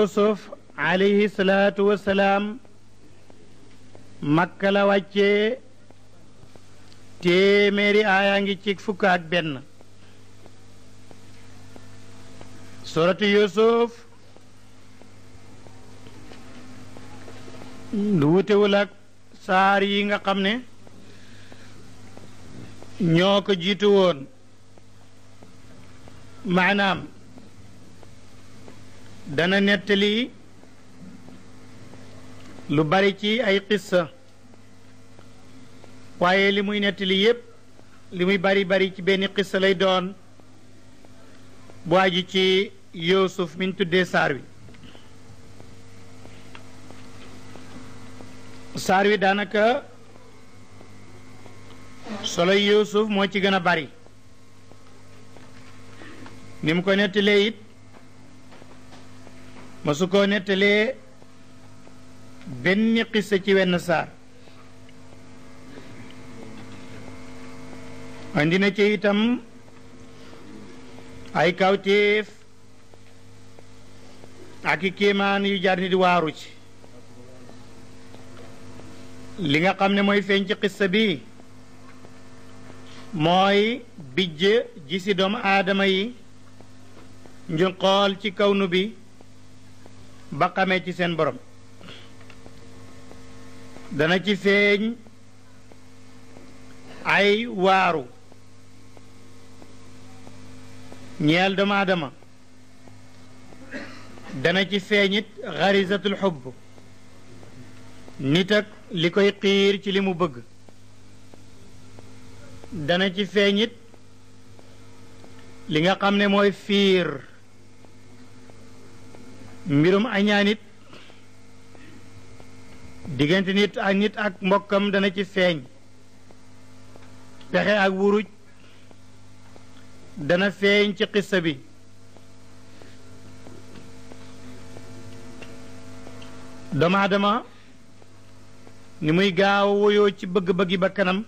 usuf alayhi salaatu wasalaam makka la wàccee téeméeri aayaa ngi ci fukk benn suratu yusuf lu wutewul ak saar yi nga xam ne ñoo ko jiitu woon maanaam dana nettali lu bari ci ay qissa waaye li muy nettali yépp li muy bari bari ci benn qissa lay doon bu aju ci Yuusuf min tuddee saar wi saar wi daanaka solo Yuusuf moo ci gën a bari ni mu ko nettalee it ma koo nettalee benn xissa ci wenn saar andi na ci itam ay kawtéef ak i kéemaan yu jar nit waaru ci li nga xam ne mooy feeñ ci xissa bi mooy bijj ji si doomu aadama yi ñu xool ci kawnu bi ba ci seen borom dana ci feeñ ay waaru ñeel dama dama dana ci feeñit xarisatul xubb nit ak li koy xiir ci li mu bëgg dana ci feeñit li nga xam ne mooy fiir mbirum añaanit diggante nit ak nit ak mbokkam dana ci feeñ pexe ak wuruj dana feeñ ci xissa bi dama dama ni muy gaaw woyoo ci bëgg-bëggi bakkanam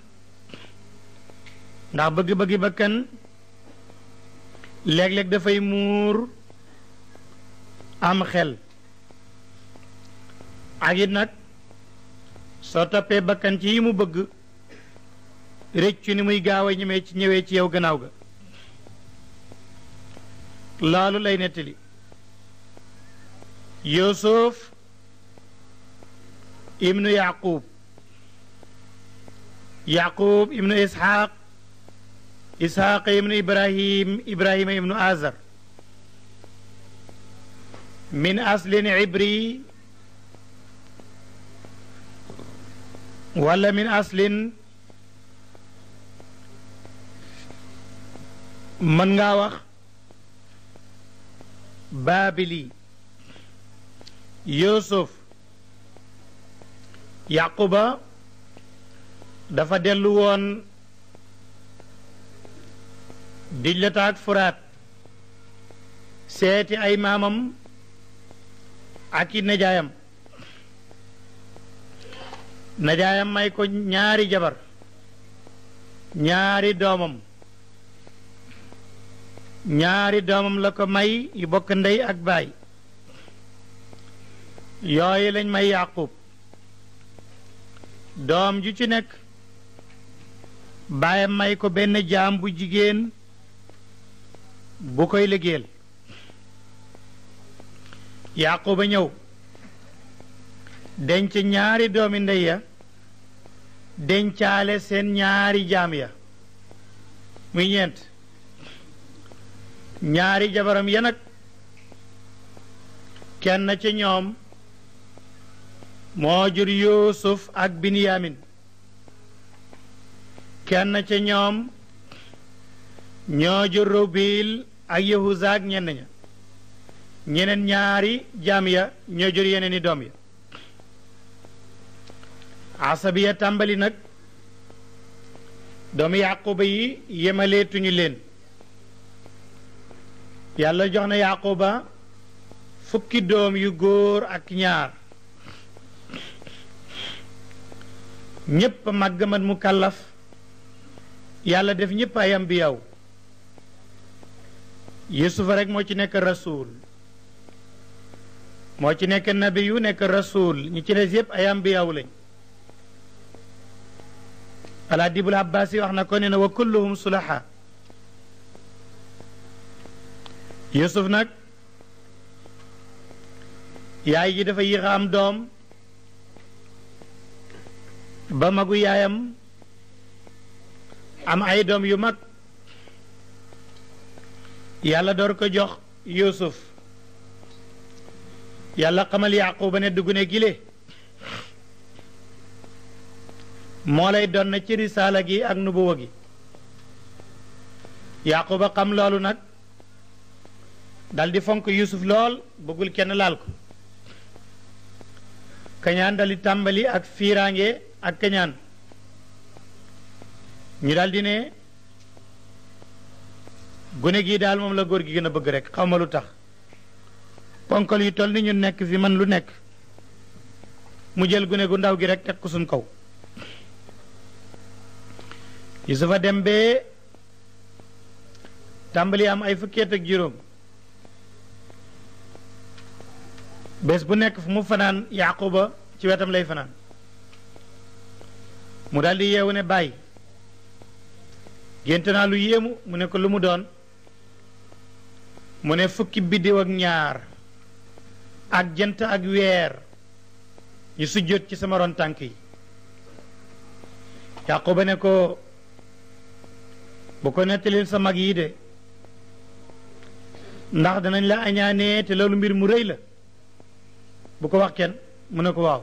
ndax bëgg-bëggi bakkan léeg-léeg dafay muur am xel ak it nag soo toppee bakkan ci yi mu bëgg réccu ni muy gaaw a ñemee ci ñëwee ci yaw gannaaw ga loolu lay nettali Yuusuf ibnu Yaquub Yaquub ibnu Isxaaq Isxaaq ibnu Ibrahim Ibrahima ibnu Azar من أصل عبري ولا من أصل من غاوخ بابلي يوسف يعقوب دفا دلوون فرات سيتي اي مامم ak i najaayam najaayam may ko ñaari jabar ñaari doomam ñaari doomam la ko may yu bokk ndey ak baay yooyu lañ may yàqub doom ju ci nekk baayam may ko benn jaam bu jigéen bu koy liggéeyal yaquba ñëw denc ñaari doomi ndey ya dencaale seen ñaari jaam ya mu ñeent ñaari jabaram ya nag kenn ci ñoom moo jur yuusuf ak binyamin kenn ci ñoom ñoo jur rubil ak yahuza ak ñenn ña ñeneen ñaari jaam ya ñoo jur yeneen i doom ya asabiya tàmbali nag doom yaquba yi yemaleetuñu leen yàlla jox na yaquba fukki doom yu góor ak ñaar ñépp màgg mat mu kàllaf yàlla def ñépp ay ambiyaw yusufa rekk moo ci nekk rasuul moo ci nekk yu nekk rasul ñi ci des yëpp ay ambiyaaw lañ alaa dibul abbas yi wax na ko nee na wa kulluhum sulaha yusuf nag yaay ji dafa yéex a am doom ba magu yaayam am ay doom yu mag yàlla door ko jox yusuf yàlla xamal yaquba ne dugune gile moo lay doon na ci gi ak nubuwa gi yaquba xam loolu nag daldi fonk yusuf lool bëggul kenn laal ko kañaan dal tàmbali ak fiiraange ak kañaan ñu daldi ne gune gii daal moom la góor gi gën a bëgg rekk xaw ma lu tax ponkal yu toll ni ñu nekk fi man lu nekk mu jël gune gu ndaw gi rek teg ko suñ kaw Yusufa dem bee tàmbali am ay fukkeet ak juróom bés bu nekk fu mu fanaan Yaquba ci wetam lay fanaan mu daldi yeewu ne bàyyi gént naa lu yéemu mu ne ko lu mu doon mu ne fukki biddiw ak ñaar ak jant ak weer ñu sujjot ci sama ron tànk yi ne ko bu ko nettalil sa mag yi de ndax danañ la añaanee te loolu mbir mu rëy la bu ko wax kenn mu ne ko waaw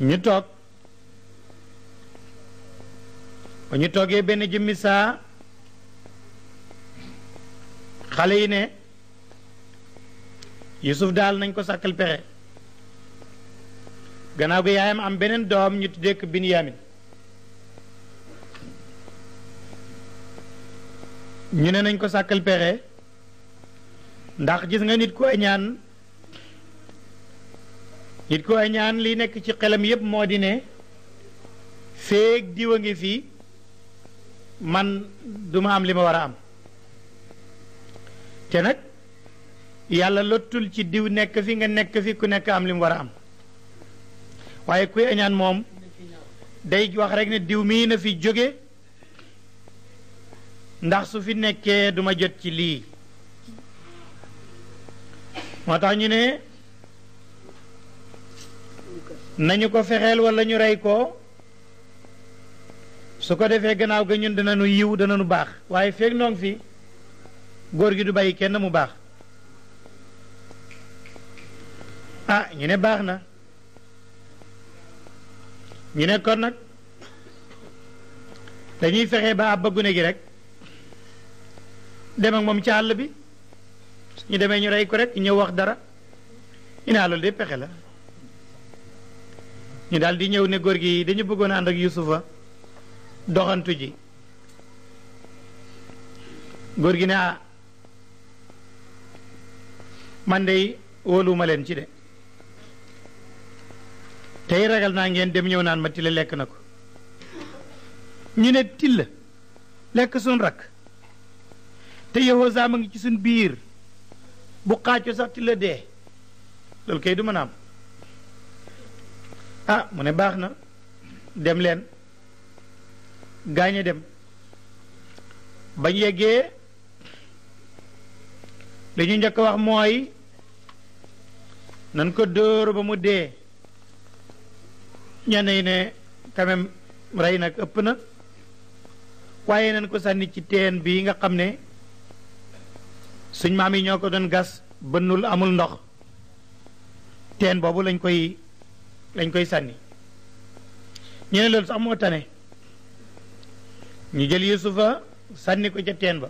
ñu toog ñu toogee benn jëmmi saa xale yi ne yusuf daal nañ ko sàkkal pexe gannaaw gi yaayam am beneen doom ñu dékk ko ñu ne nañ ko sàkkal pexe ndax gis nga nit ku añaan nit ku añaan li nekk ci xelam yépp moo di ne diw a ngi fii man duma am li ma war a am te nag yàlla lottul ci diw nekk fi nga nekk fi ku nekk am li mu war a am waaye kuy añaan moom day wax rek ne diw mii na fi jóge ndax su fi nekkee duma jot ci lii moo tax ñu ne nañu ko fexeel walla ñu rey koo su ko defee gannaaw ga ñun dana yiw dana nu baax waaye feeg noon fi góor gi du bàyyi kenn mu baax ah ñu ne baax na ñu ne kon nag dañuy fexe ba ab gi rek dem ak moom ci àll bi ñu demee ñu rey ko rek ñëw wax dara ñu ne ah, loolu de pexe la ñu daal di ñëw ne góor gi dañu bëggoon ànd ak Yusufa doxantu ji góor gi ne ah man de wóoluwuma leen ci de tey ragal naa ngeen dem ñëw naan ma tile lekk na ko ñu ne tilla lekk suñ rakk te Yehoosa ma ngi ci suñ biir bu xaaco sax tilla dee loolu kay du mën am ah mu ne baax na dem leen gaañe dem bañ yeggee li ñu njëkk wax mooy nan ko dóor ba mu dee ñenn yi ne quand même rey nag ëpp na waaye nañ ko sànni ci teen bi nga xam ne suñ maam yi ñoo ko doon gas bënnul amul ndox teen boobu lañ koy lañ koy sànni ñu ne loolu moo tane ñu jël Yusufa sànni ko ca teen ba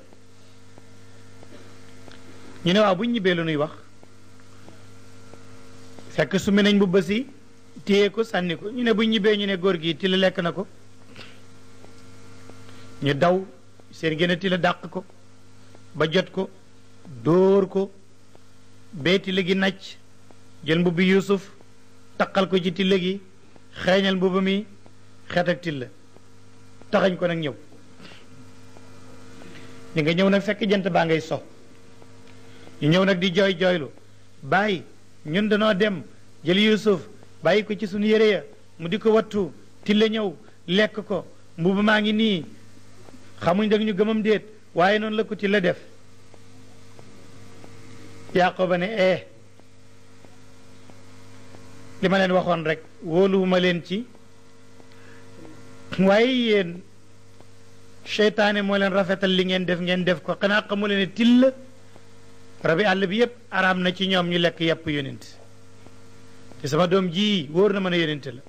ñu ne waaw buñ ñibbee la nuy wax fekk summi nañ bu bësi téye ko sànni ko ñu ne bu ñibbee ñu ne góor gi tili lekk na ko ñu daw seen gën a tila dàq ko ba jot ko dóor ko bee tila gi nacc jël mbubbi Yuusuf taqal ko ci tilla gi xeeñal mbubb mi xeet ak tilla taxañ ko nag ñëw li nga ñëw nag fekk jant baa ngay so ñu ñëw nag di jooy jooylu baay ñun danoo dem jël Yuusuf bàyyi ko ci suñu yére ya mu di ko wattu tille ñëw lekk ko mbubu maa ngi nii xamuñ dag ñu gëmam déet waaye noonu la ko tille def yaqooba ne eh li ma leen waxoon rek wóoluwuma leen ci waaye yéen seytaane moo leen rafetal li ngeen def ngeen def ko xanaa xamu leen ne till rabi àll bi yépp araam na ci ñoom ñu lekk yàpp yonent te sama doom ji wóor na mën a yénente la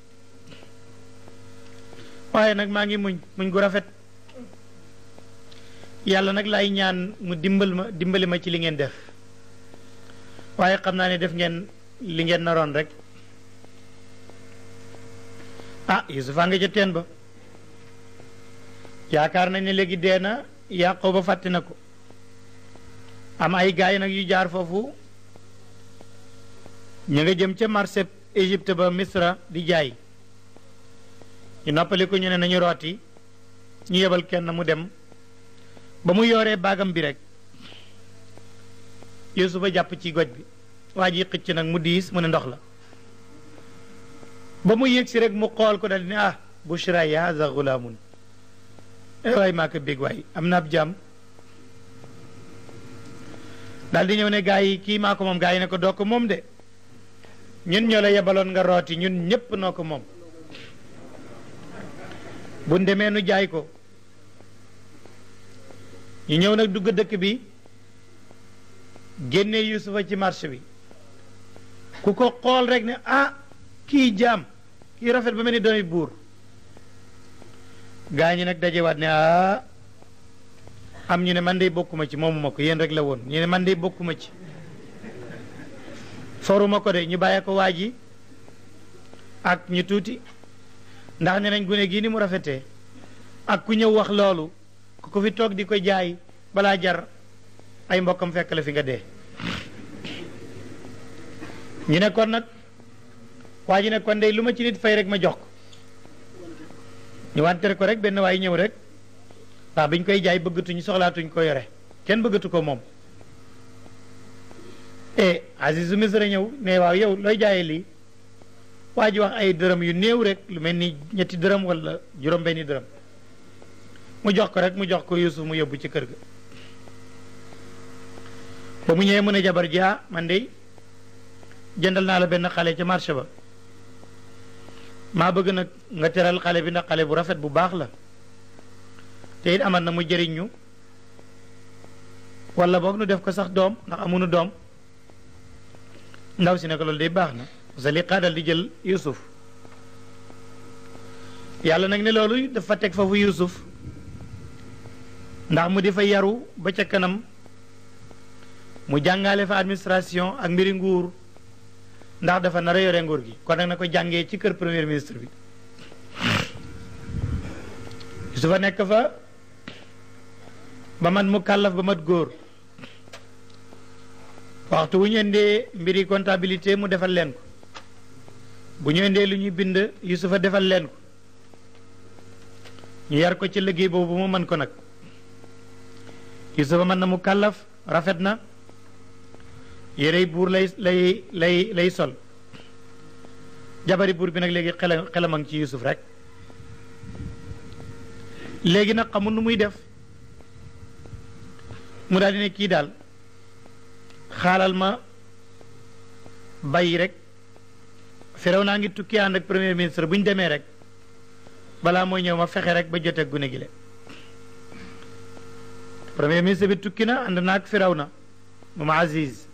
waaye nag maa ngi muñ muñ gu rafet yàlla nag laay ñaan mu dimbal ma dimbali ma ci li ngeen def waaye xam naa ne def ngeen li ngeen naroon rek ah Yusufa nga ca teen ba yaakaar na ne léegi dee na Yaqooba fàtte na ko am ay gaay nag yu jaar foofu ñu nga jëm ca marché Égypte ba Misra di jaay ñu noppaliku ñu ne nañu rooti ñu yebal kenn mu dem ba mu yooree baagam bi rek ba jàpp ci goj bi waa ji xëcc nag mu diis mu ne ndox la ba mu yéeg si rek mu xool ko dal di ne ah bushra ya za gulaamun eh, waay maa ko bég waay am na ab jàmm daal di ñëw ne gaa yi kii maa ko moom gaa yi ne ko doo ko moom de ñun ñoo la yebaloon nga yi ñun ñépp noo ko moom bu demee nu jaay ko ñu ñëw nag dugg dëkk bi génne yusufa ci marché bi ku ko xool rek ne ah kii jaam kii rafet ba mel ni doomi buur gaa ñi nag dajewaat ne ah am ñu ne man dey bokkuma ci moomuma ko yéen rek la woon ñu ne man dey bokkuma ci foruma ko de ñu bàyyee ko waa ji ak ñu tuuti ndax ne nañ gune gii ni mu rafetee ak ku ñëw wax loolu ku ko fi toog di ko jaay balaa jar ay mbokkam fekk la fi nga dee ñu ne kon nag waa ji ne kon dey lu ma ci nit fay rek ma jox ko ñu wanteer ko rek benn waay ñëw rek ndax biñ koy jaay bëggatuñ soxlaatuñ ko yore kenn bëggatu ko moom e Aziz Misra ñëw ne waaw yow looy jaayee lii waa ji wax ay dërëm yu néew rek lu mel ni ñetti dërëm wala juróom-benni dërëm mu jox ko rek mu jox ko Yuusuf mu yóbbu ci kër ga ba mu ñëwee mën a jabar ji ah man de jëndal naa la benn xale ca marché ba maa bëgg nag nga teral xale bi ndax xale bu rafet bu baax la te it amal na mu jëriñ ñu wala boog nu def ko sax doom ndax amunu doom ndaw si ne ko loolu de baax na Zaliqa dal di jël Yuusuf yàlla nag ne loolu dafa teg fa foofu Yuusuf ndax mu di fa yaru ba ca kanam mu jàngale fa administration ak mbiri nguur ndax dafa nar yore nguur gi kon nag na ko jàngee ci kër premier ministre bi Yuusufa nekk fa ba mat mu kàllaf ba mat góor waxtu wu ñu indee mbiri contabilité mu defal leen ko bu ñu indee lu ñuy bind Yusufa defal leen ko ñu yar ko ci liggéey boobu mu man ko nag Yusufa man na mu kàllaf rafet na yérey buur lay lay lay lay sol jabari buur bi nag léegi xelam xelam ci Yusuf rek léegi nag xamul nu muy def mu daal di ne kii daal xaalal ma bàyyi rek firaw naa ngi tukki ànd ak premier ministre bu ñu demee rek balaa mooy ñëw ma fexe rek ba jote gune gi le premier ministre bi tukki na ànd naag firaw na moom Aziz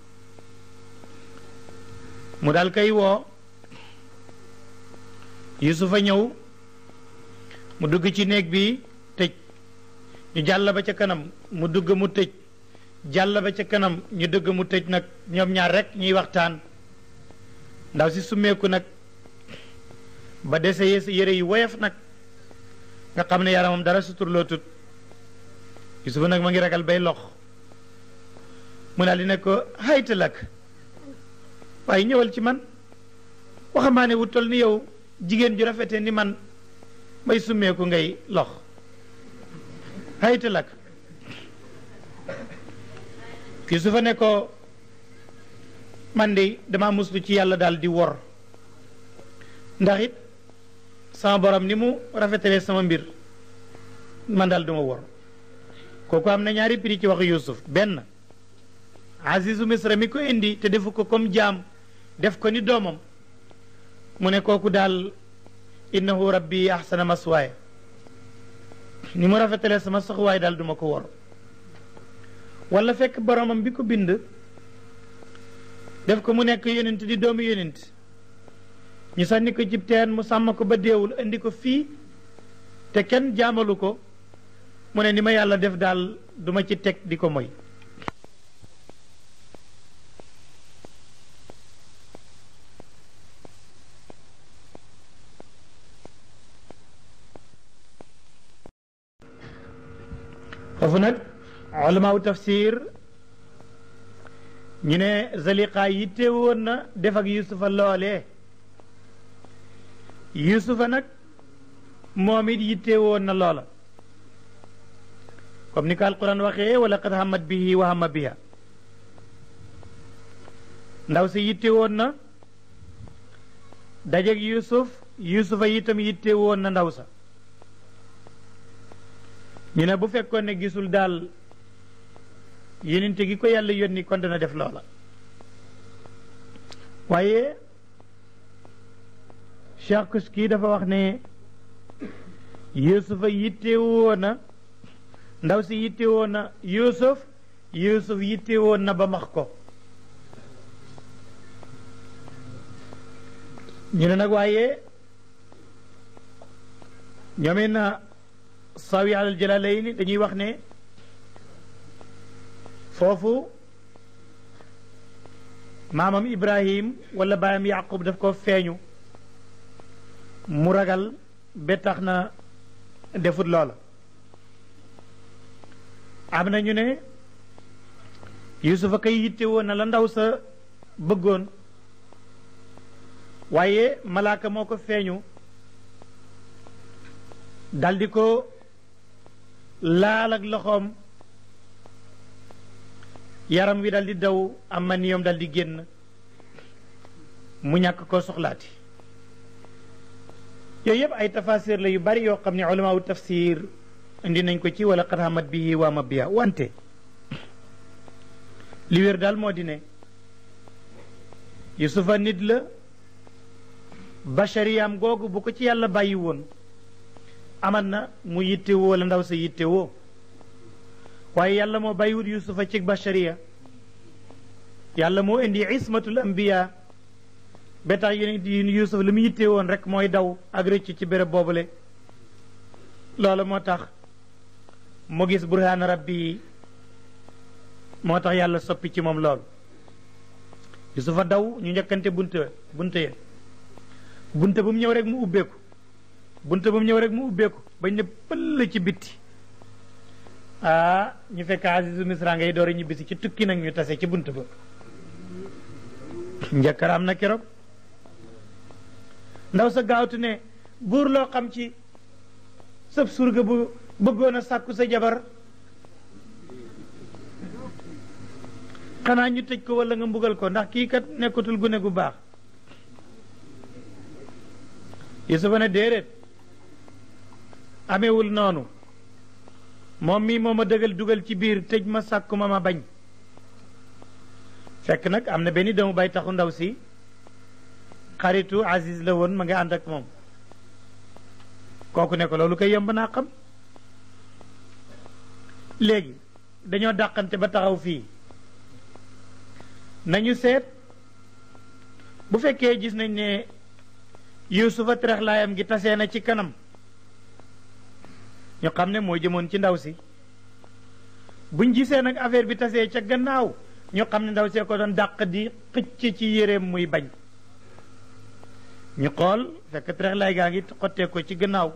mu daal kay woo Yusufa ñëw mu dugg ci néeg bi tëj ñu jàll ba ca kanam mu dugg mu tëj jàll ba ca kanam ñu dëgg mu tëj nag ñoom ñaar rek ñuy waxtaan ndaw si summeeku nag ba dese yére yi woyof nag nga xam ne yaramam dara suturloo tut Yusufa nag ma ngi ragal bay lox mu daal di ne ko hayta lak waaye ñëwal ci man waxambaane wu toll ni yow jigéen ju rafete ni man may summeeku ngay lox hayta lak yusufa ne ko man de dama muslu ci yàlla daal di wor ndax it sama borom ni mu rafetalee sama mbir man daal duma wor kooku am na ñaari prix ci wax yusuf benn azizu misra mi ko indi te defu ko comme jaam def ko ni doomam mu ne kooku daal innahu rabbi ahsana maswaaya ni mu rafetalee sama soxwaay daal duma ko wor wala fekk boromam bi ko bind def ko mu nekk yonent di doomu yonent ñu sànni ko cib teen mu sàmm ko ba deewul indi ko fii te kenn jaamalu ko mu ne ni ma yàlla def daal duma ci teg di ko moy nag ulamaaw tafsir ñu ne zaliqa yitte woon na def ak yusufa loolee yusufa nag moom it yitte woon na loola comme ni ko alquran waxee wala qad hamat bihi wa biha ndaw si yitte woon na dajeg yusuf yusufa itam yitte woon na ndaw sa ñu ne bu fekkoon ne gisul daal yenente gi ko yàlla yónni kon dana def loola waaye Cheikh kii dafa wax ne Yuusufa yittewoo na ndaw si yittewoo na Yuusuf Yuusuf yittewoo na ba max ko ñu ne nag waaye ñoomin sawi alal jalalayni dañuy wax ne foofu maamam ibrahim wala baayam yaqub daf ko feeñu mu ragal ba tax na defut loola am na ñu ne yusufa kay yitte woon na la ndaw sa bëggoon waaye malaaka moo ko feeñu daldi ko laal ak loxoom yaram wi dal di daw am man yoom dal di génn mu ñàkk koo soxlaati yooyu yëpp ay tafasir la yu bari yoo xam ne ulama wu tafsir indi nañ ko ci walla xarxamat bi waa ma biya wante li wér daal moo di ne yusufa nit la bachariyaam googu bu ko ci yàlla bàyyi woon aman na mu yittewoo wala ndaw sa yittewoo waaye yàlla moo bàyyiwut yusufa cig bashariya yàlla moo indi ismatul ambiya ba tax yu yusuf li mu yittee woon rek mooy daw ak rëcc ci béréb boobule loolu moo tax mu gis burhaan rabbi yi moo tax yàlla soppi ci moom loolu yusufa daw ñu njëkkante bunte bunte bunte bu mu ñëw rek mu ubbeeku bunte bu mu ñëw rek mu ubbeeku bañ ne pëll ci bitti ah ñu fekk Azizu Misra ngay door a ñibbisi ci tukki nag ñu tase ci bunt ba njëkkër am na keroog ndaw sa gaawtu ne buur loo xam ci sëb surga bu bëggoon a sàkku sa jabar xanaa ñu tëj ko walla nga mbugal ko ndax kii kat nekkatul gune gu baax Yusufa ne déedéet amewul noonu moom mii moo ma dëgal dugal ci biir tëj ma sàkku ma ma bañ fekk nag am na benn doomu bay taxu ndaw si xaritu Aziz la woon ma nga ànd ak moom kooku ne ko loolu koy yomb naa xam léegi dañoo dàqante ba taxaw fii nañu seet bu fekkee gis nañ ne Yuusufa teraxlaayam gi tasee na ci kanam ñu xam ne moo jëmoon ci ndaw si buñ gisee nag affaire bi tasee ca gannaaw ñu xam ne ndaw see ko doon dàq di xëcc ci yéreem muy bañ ñu xool fekk trex gaa ngi xottee ci gannaaw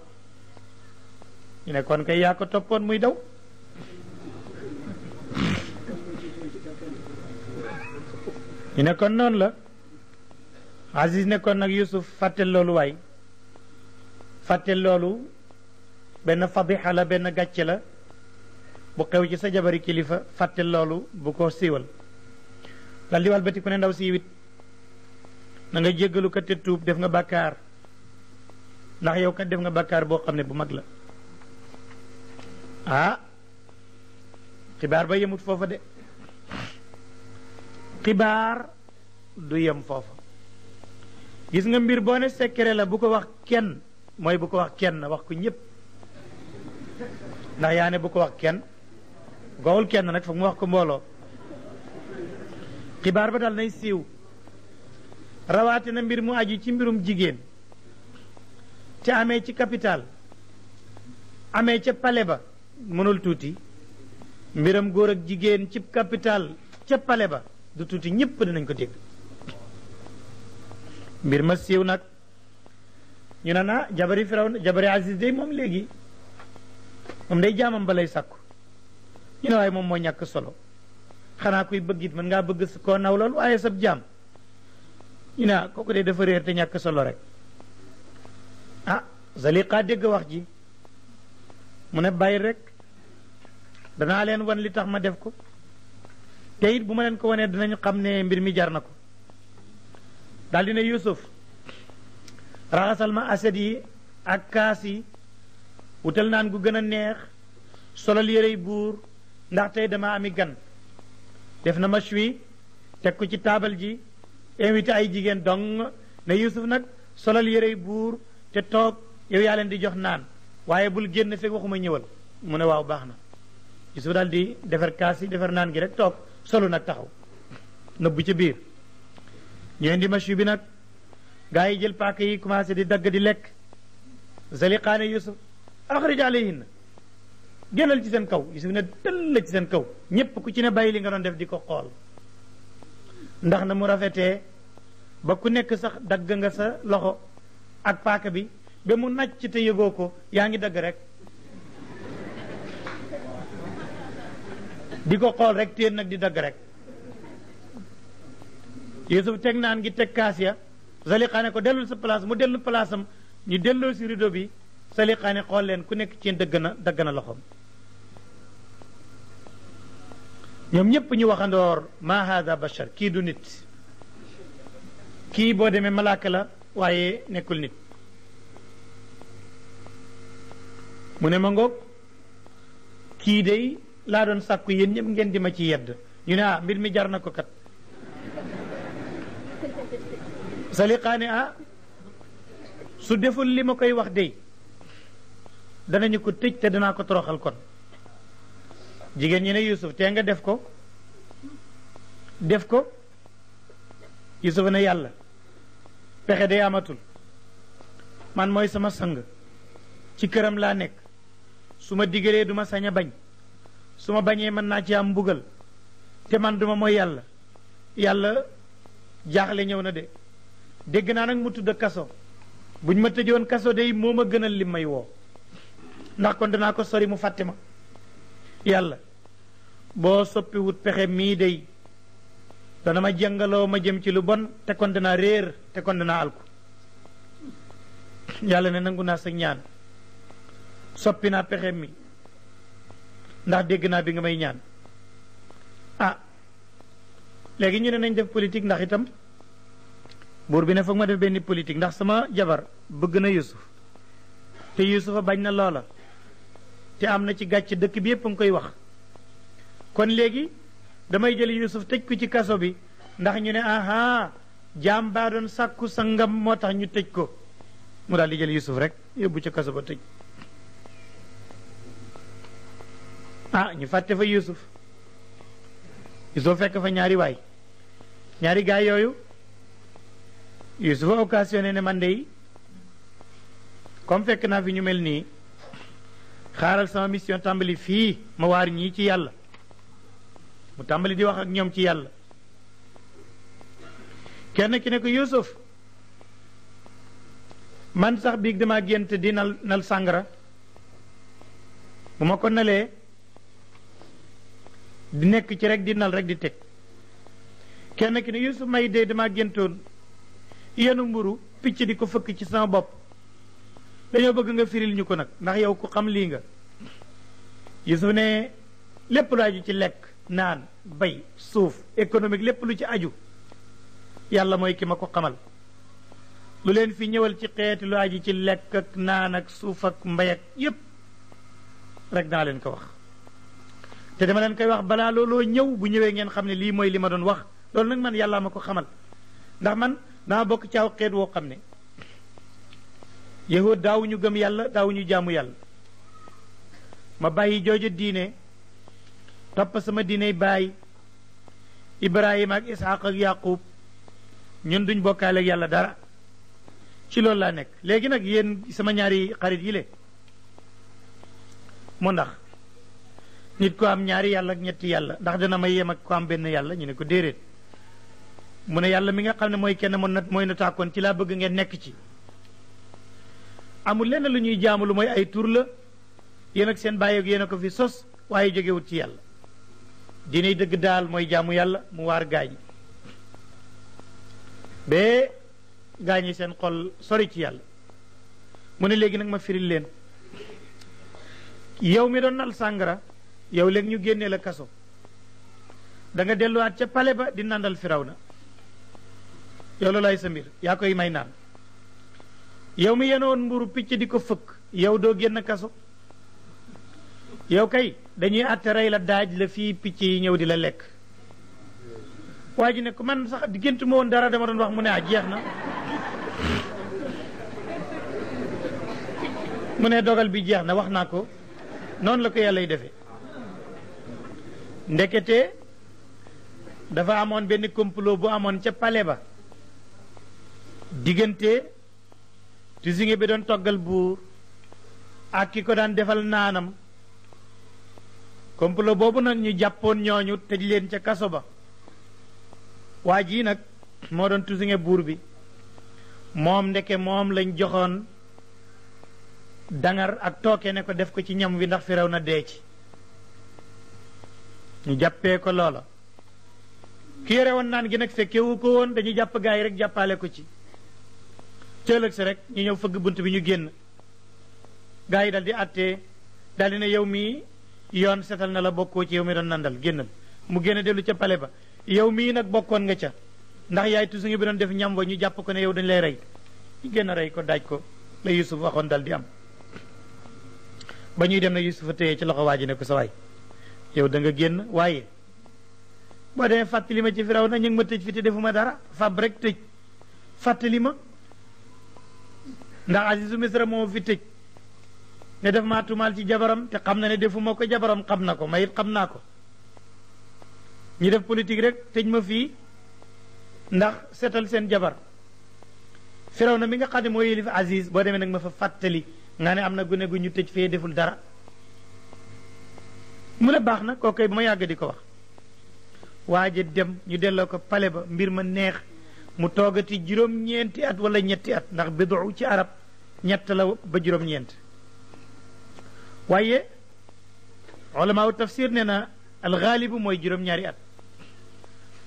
ñu nekkoon kon kay yaa ko toppoon muy daw ñu nekkoon kon noonu la Aziz ne kon nag Yusuf fàtte loolu waay fàttel loolu benn fadixa benn gàcce la bu xew ci sa jabari kilifa fàtte loolu bu ko siiwal dal di walbati ku ne ndaw siiwit na nga jéggalu kat te tuub def nga bàkkaar ndax yow kat def nga bàkkaar boo xam ne bu mag la ah xibaar ba yemut foofa de xibaar du yem foofa gis nga mbir boo ne secret la bu ko wax kenn mooy bu ko wax kenn wax ko ñépp ndax yaa ne bu ko wax kenn gowul kenn nag foog mu wax ko mbooloo xibaar ba dal nay siiw rawaate na mbir mu aju ci mbirum jigéen te amee ci capital amee ca pale ba mënul tuuti mbiram góor ak jigéen ci capital ca pale ba du tuuti ñëpp dinañ ko dégg mbir ma siiw nag ñu ne naa jabari firaw jabari Aziz day moom léegi mom day jaamam Ina sakku ñu ne way mom mo ñak solo xana kuy bëgg it mën ngaa bëgg ko naw lool waye sab jaam ñu ne ko de reer te ñak solo rek ah zaliqa deg wax ji mu ne bay rek dana leen wan li tax ma def ko te it bu ma leen ko ya, dinañu xam ne mbir mi jar na ko Yusuf raxasal ma aset yi ak kaas wutal naan gu gën a neex solal yérey buur ndax tey dama ami gan def na mash wi teg ko ci taabal ji invité ay jigéen dong ne Yuusuf nag solal yérey buur te toog yow yaa leen di jox naan waaye bul génn fekk waxuma ñëwal mu ne waaw baax na Yuusuf daal di defar kaas yi defar naan gi rek toog solu nag taxaw nëbbu ci biir ñu di mash bi nag gaa yi jël paaka yi commencé di dagg di lekk zaliqaane Yuusuf axrij na génnal ci seen kaw Yuusuf ne dëll ci seen kaw ñëpp ku ci ne bàyyi li nga doon def di ko xool ndax na mu rafetee ba ku nekk sax dagg nga sa loxo ak paaka bi ba mu nàcc te yëgoo ko yaa ngi dagg rek di ko xool rek téen nag di dagg rek Yuusuf teg naan gi teg kaas ya Zaliqa ne ko dellul sa place mu dellu place ñu delloo si rido bi saliqaani xool leen ku nekk ci dëgg na dëgg na loxoom ñoom ñépp ñu waxandoor ma hada bashar kii du nit kii boo demee malaaka la waaye nekkul nit mu ne ma ngoog kii day laa doon sàkku yéen ñëpp ngeen di ma ci yedd ñu ne ah mbir mi jar na ko kat saliqaani ah su deful li ma koy wax dey dana danañu ko tëj te danaa ko toroxal kon jigéen ñi ne Yuusuf tee nga def ko def ko Yuusuf ne yàlla pexe day amatul man mooy sama sang ci këram laa nekk su ma digalee duma sañ a bañ su ma bañee mën naa ci am mbugal te man duma mooy yàlla yàlla jaaxle ñëw na de dégg naa nag mu tudd kaso buñ ma tëjoon kaso day moo ma gënal li may woo ndax kon dana ko sori mu fàtte ma yàlla boo wut pexe mii day dana ma jàngaloo ma jëm ci lu bon te kon dana réer te kon dana alku yàlla ne nangu naa sa ñaan soppi naa pexe mi ndax dégg naa bi nga may ñaan ah léegi ñu ne nañ def politique ndax itam buur bi ne foog ma def benn politique ndax sama jabar bëgg na Yusuf te Yusufa bañ na loola te am na ci gàcc dëkk bi yépp a koy wax kon léegi damay jël Yuusuf tëj ko ci kaso bi ndax ñu ne aha jaam baa doon sàkku sa ngam moo tax ñu tëj ko mu daal di jël Yuusuf rek yóbbu ci kaso ba tëj ah ñu fàtte fa Yuusuf Yuusuf fekk fa ñaari waay ñaari gaa yooyu Yuusuf a ne man de comme fekk naa fi ñu mel nii xaaral sama mission tàmbali fii ma waar ñii ci yàlla mu tàmbali di wax ak ñoom ci yàlla kenn ki ne ko Yuusuf man sax biig dama gént di nal nal sàngara bu ma ko nalee di nekk ci rek di nal rek di teg kenn ki ne Yuusuf may dee dama géntoon yenu mburu picc di ko fëkk ci sama bopp dañoo bëgg nga firil ñu ko nag ndax yow ku xam lii nga Yuusuf ne lépp lu aju ci lekk naan bay suuf économique lépp lu ci aju yàlla mooy ki ma ko xamal lu leen fi ñëwal ci xeeti lu aju ci lekk ak naan ak suuf ak mbay ak yépp rek naa leen ko wax te dama leen koy wax balaa looloo ñëw bu ñëwee ngeen xam ne lii mooy li ma doon wax loolu nag man yàllaa ma ko xamal ndax man naa bokk caaw xeet woo xam ne yahud ñu gëm yàlla ñu jaamu yàlla ma bàyyi jooju diine topp sama diine baay ibrahima ak isxaq ak yaqub ñun duñ bokkaale ak yàlla dara ci loolu laa nekk léegi nag yéen sama ñaari xarit yi le mu ndax nit ko am ñaari yàlla ak ñetti yàlla ndax dana ma yem ak ko am benn yàlla ñu ne ko déedéet mu ne mi nga xam ne kenn mo na mooy na tàkkoon ci laa bëgg ngeen nekk ci amul len lu ñuy jaamu lu moy ay tour la yeen ak seen baye ak yeen ko fi sos joge wut ci yalla dinay deug dal moy jaamu yalla mu war gañ be gaañi seen xol sori ci yalla mu ne legi nak ma firil len yow mi nal sangara yow leg ñu genné la kasso da nga wat ci pale ba di nandal firawna na yow loolaay sa mbir koy may yow mi yenoon mburu picc di ko fëkk yow doo génn kaso yow kay dañuy àtte rey la daaj la fii picc yi ñëw di la lekk waa ji ne ko man sax diggante ma dara dama doon wax mu ne ah jeex na mu ne dogal bi jeex na wax naa ko noonu la ko yàllay defee ndekete dafa amoon benn complot bu amoon ca pale ba diggante tisinge bi doon toggal buur ak ki ko daan defal naanam complot boobu nag ñu jàppoon ñooñu tëj leen ca kaso ba waa jii nag moo doon tisinge buur bi moom ndeke moom lañ joxoon dangar ak tooke ne ko def ko ci ñam wi ndax firaw na dee ci ñu jàppe ko loola ki yore woon naan gi nag fekkewu ko woon dañu jàpp gaa yi rek jàppale ko ci cëllëg si rek ñu ñëw fëgg bunt bi ñu génn gaa yi dal di àttee daal di ne yow mii yoon setal na la bokkoo ci yow mi doon nandal génnal mu génn dellu ca pale ba yow mii nag bokkoon nga ca ndax yaay tusuñu bi doon def ñam wa ñu jàpp ko ne yow dañu lay rey ñu génn rey ko daaj ko la Yusuf waxoon dal di am ba ñuy dem na Yusuf a téye ci loxo waa ji ne ko sa waay yow da nga génn waaye boo demee fàttali ma ci firaw na ñu ma tëj fi te defuma dara fab rek tëj ma ndax Azizu Misra moo fi tëj ne def maa tumaal ci jabaram te xam na ne defuma ko jabaram xam na ko ma it xam naa ko ñi def politique rek tëj ma fii ndax setal seen jabar firaw na mi nga xam ne moo yëlif Aziz boo demee nag ma fa fàttali nga ne am na gune gu ñu tëj fee deful dara mu ne baax na kookoy ba ma yàgg di ko wax waaje dem ñu delloo ko pale ba mbir ma neex mu toogati juróom-ñeenti at wala ñetti at ndax bidu ci arab ñett la ba juróom-ñeent waaye ulamaawu tafsir nee na alxaalibu mooy juróom-ñaari at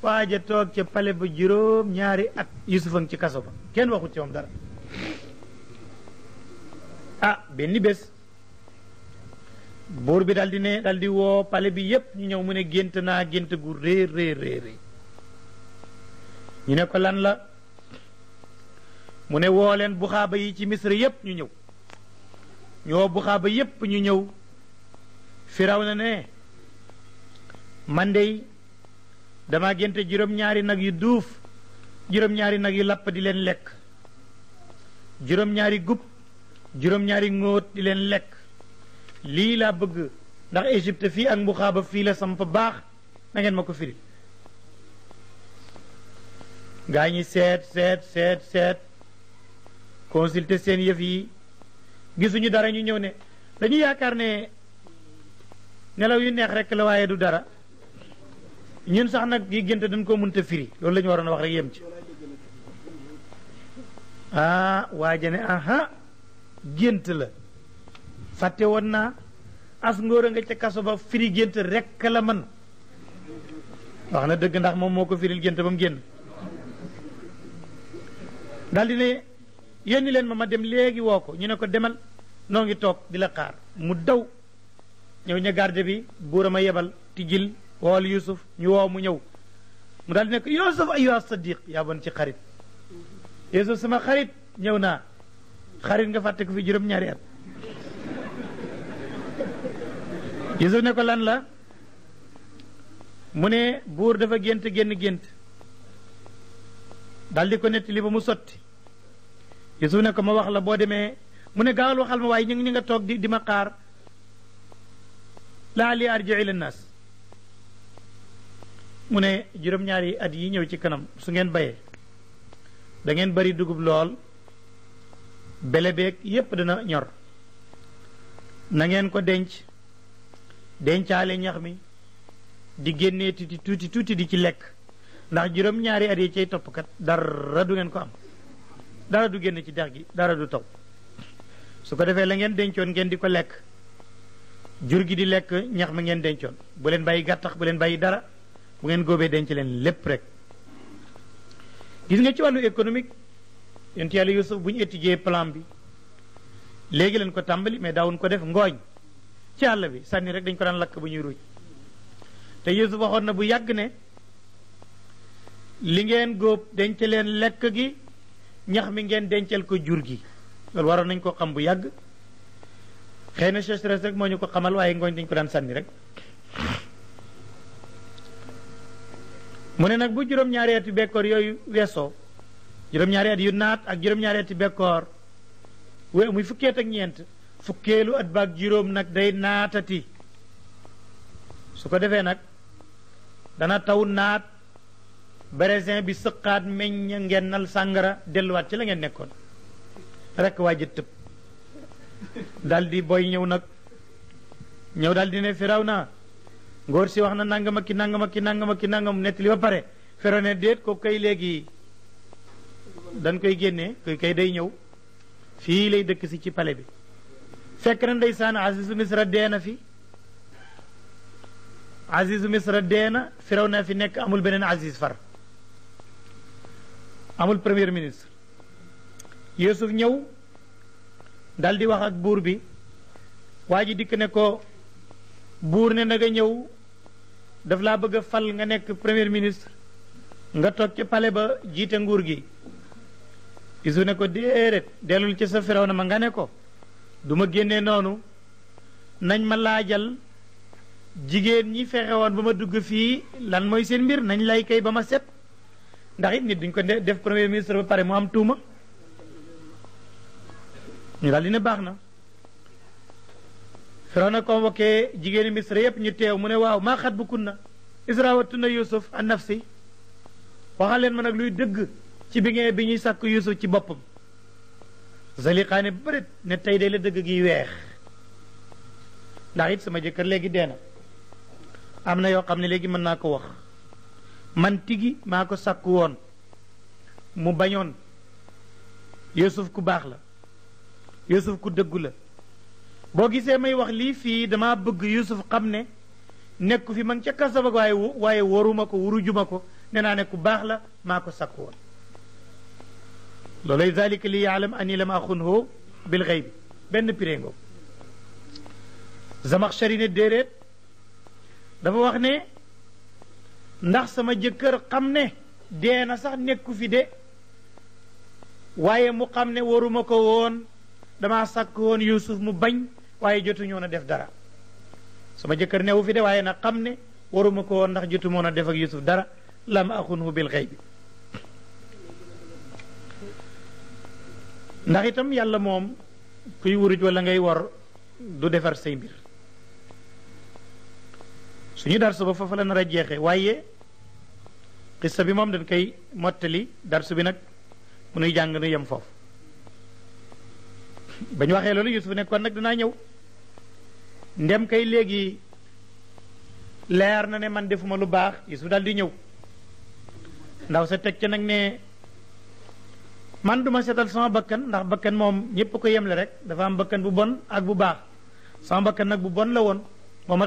waaja toog ca pale ba juróom-ñaari at Yuusuf ci kaso ba kenn waxut ci moom dara ah benn bés buur bi daldi di ne daal woo pale bi yépp ñu ñëw mu ne gént naa gént gu réer réer ñu ne lan la mu ne woo leen buxaaba yi ci misra yépp ñu ñëw ñoo buxaaba yépp ñu ñëw firaw na ne man dey dama génte juróom-ñaari nag yu duuf juróom-ñaari nag yu lapp di leen lekk juróom-ñaari gub juróom-ñaari di leen lekk lii laa bëgg ndax Égypte fii ak mbuxaaba fii la samp baax na ngeen ma ko firi gaa ñi seet seet seet seet consulter sen yef yi gisuñu dara ñu ñëw ne dañu yaakaar ne nelaw yu neex rek la waaye du dara ñun sax nag yi gënte dañ ko mënta firi loolu lañu ñu waroon wax rek yem ci ah waaja ne aha gént la fàtte woon naa as ngóor nga ca kaso ba firi gént rek la man wax na dëgg ndax moom moo ko firil gént ba mu génn ne yéen yónni leen ma ma dem léegi woo ko ñu ne ko demal noo ngi toog di la xaar mu daw ñëw ña garde bi buuram a ma yebal tijil wool yusuf ñu wow mu ñëw mu daal di nekk yusuf ayyuha sadiq yaa bon ci xarit yusuf sama xarit ñëw naa xarit nga fàtte ko fi juróom-ñaari at yusuf ne ko lan la mu ne buur dafa gént génn gént daal di ko nettali ba mu sotti su ne ko ma wax la boo demee mu ne gaawal waxal ma waaye ñu ngi nga toog di di ma xaar laali arji la naas mu ne juróom-ñaari at yi ñëw ci kanam su ngeen bayee dangeen bari dugub lool bele beeg yépp dana ñor na ngeen ko denc dencaale ñax mi di génnee tuuti tuuti tuuti di ci lekk ndax juróom-ñaari at yi cay toppkat dara du ngeen ko am dara du génn ci dex gi dara du taw su ko defee la ngeen dencoon ngeen di ko lekk jur gi di lekk ñax ma ngeen dencoon bu leen bàyyi gàttax bu leen bàyyi dara bu ngeen góobee denc leen lépp rek gis nga ci wàllu économique yonent yàlla Yuusuf bu ñu étudier plan bi léegi leen ko tàmbali mais daawuñ ko def ngooñ ci àll bi sànni rek dañ ko daan lakk bu ñuy ruuj te Yuusuf waxoon na bu yàgg ne li ngeen góob denc leen lekk gi ñax mi ngeen dencel ko jur gi loolu waro nañ ko xam bu yàgg xeyna na sécheresse rek moo ñu ko xamal waaye ngooñ dañ ko daan sànni rek mu ne nag bu juróom-ñaari bekkoor yooyu weesoo juróom-ñaari at yu ak juróom-ñaari bekkoor we muy fukkeet ak ñeent fukkeelu at baag juróom nag day naatati su ko defee nag dana taw naat brésin bi sëqaat meññ ngeen nal sàngara delluwaat ci la ngeen nekkoon rekk waa ji tëb daal di booy ñëw nag ñëw daal di ne firaw naa ngóor si wax na nangam ki nangam ki nangam ki nangam nettali ba pare firaw ne déet ko kay léegi dañ koy génne koy kay day ñëw fii lay dëkk si ci pale bi fekk na ndeysaan Azizu Misra deena fi Azizu Misra deena firaw naa fi nekk amul beneen Aziz far amul premier ministre Yuusuf ñëw daldi wax ak buur bi waa ji dikk ne ko buur ne na ñëw daf laa bëgg a fal nga nekk premier ministre nga toog ca palais ba jiite nguur gi Yuusuf ne ko déedéet dellul ci sa Firawna ma nga ne ko du ma génnee noonu nañ ma laajal jigéen ñi fexe woon ba ma dugg fii lan mooy seen mbir nañ lay kay ba ma set ndax it nit duñ ko def premier ministre ba pare mu am tuuma ñu dal di ne baax na Firawna convoqué jigéeni Misra yépp ñu teew mu ne waaw maa xat bu kunna isra na Yuusuf an nafsi waxal leen ma nag luy dëgg ci bi bi ñuy sàkk Yuusuf ci boppam Zaliqaa ne bërit ne tey day la dëgg gi weex ndax it sama jëkkër léegi dee na am na yoo xam ne léegi mën naa ko wax man tigi maa ko sakk woon mu bañoon yusuf ku baax la yusuf ku dëggu la boo gisee may wax lii fii dama bëgg yusuf xam ne nekku fi ma ngi ca kasaba waaye waruma ko wurujuma ko ne naa ne ku baax la maa ko sàkku woon loolay zalika li yaalam ani lam axunhu bil xëy bi benn piréngo zamaxshari ne déeréet dafa wax ne ndax sama jëkkër xam ne dee na sax nekku fi de waaye mu xam ne waruma ko woon dama sàkk woon Yuusuf mu bañ waaye jotuñoon a def dara sama jëkkër newu fi de waaye nag xam ne waruma ko woon ndax jotu moon a def ak Yuusuf dara lam axunhu bil xëy bi ndax itam yàlla moom kuy wuruj wala ngay wor du defar say mbir suñu dar ba foofa la nara a wayé qissa bi mom dañ kay motali dar bi nak mu nuy jang nu yam fofu bañ waxé lolu yusuf ne kon nag ndem kay légui leer na ne man defuma lu baax yusuf dal di ñew ndaw sa tek ci nak ne man duma seetal sama bakkan ndax bakkan mom ñepp ko la rek dafa am bakkan bu bon ak bu baax sama bakkan nag bu bon la won moom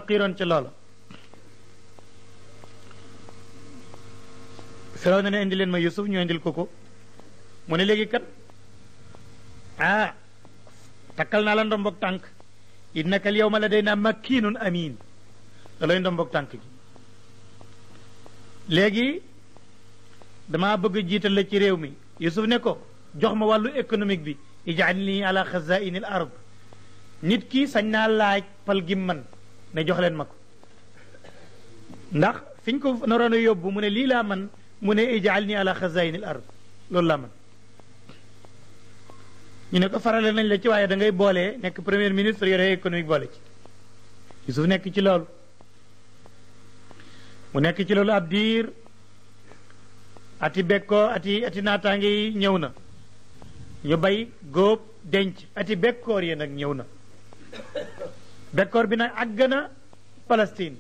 firaw na ne indi leen ma yusuf ñu indil ko ko mu ne léegi kat ah takkal naa la ndombog tànk innaka al yawma ladayna makkinun amin looy ndombog tànk gi léegi damaa bëgg jiital la ci réew mi yusuf ne ko jox ma wàllu économique bi ij'alni ala xazaini al ard nit ki sañ naa laaj pal gi man ne jox leen ma ko ndax fiñ ko naroon a yóbbu mu ne lii laa man mu ne ijaal ni ala xazayin loolu la man ñu ne ko farale nañ la ci waaye da ngay boolee nekk premier ministre yore économique boole ci su nekk ci loolu mu nekk ci loolu ab diir ati bekkoo ati ati naataange ñëw na ñu bay góob denc ati bekkoor yi nag ñëw na bekkoor bi nag àgg na Palestine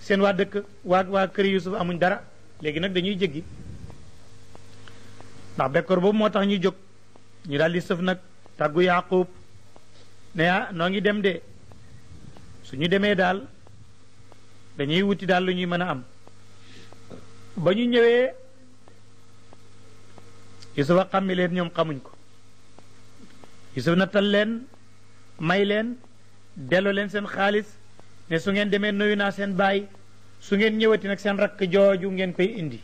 seen waa dëkk waa waa kër Yusuf amuñ dara léegi nag dañuy jéggi ndax bekkoor boobu moo tax ñu jóg ñu daal sëf nag tàggu yaqub ne ah noo ngi dem de ñu demee daal dañuy wuti daal lu ñuy mën a am ba ñu ñëwee yusufa xàmmi leen ñoom xamuñ ko yusuf nattal leen may leen delloo leen seen xaalis ne su ngeen demee nuyu naa seen baay su ngeen ñëwati nak seen rak joju ngeen koy indi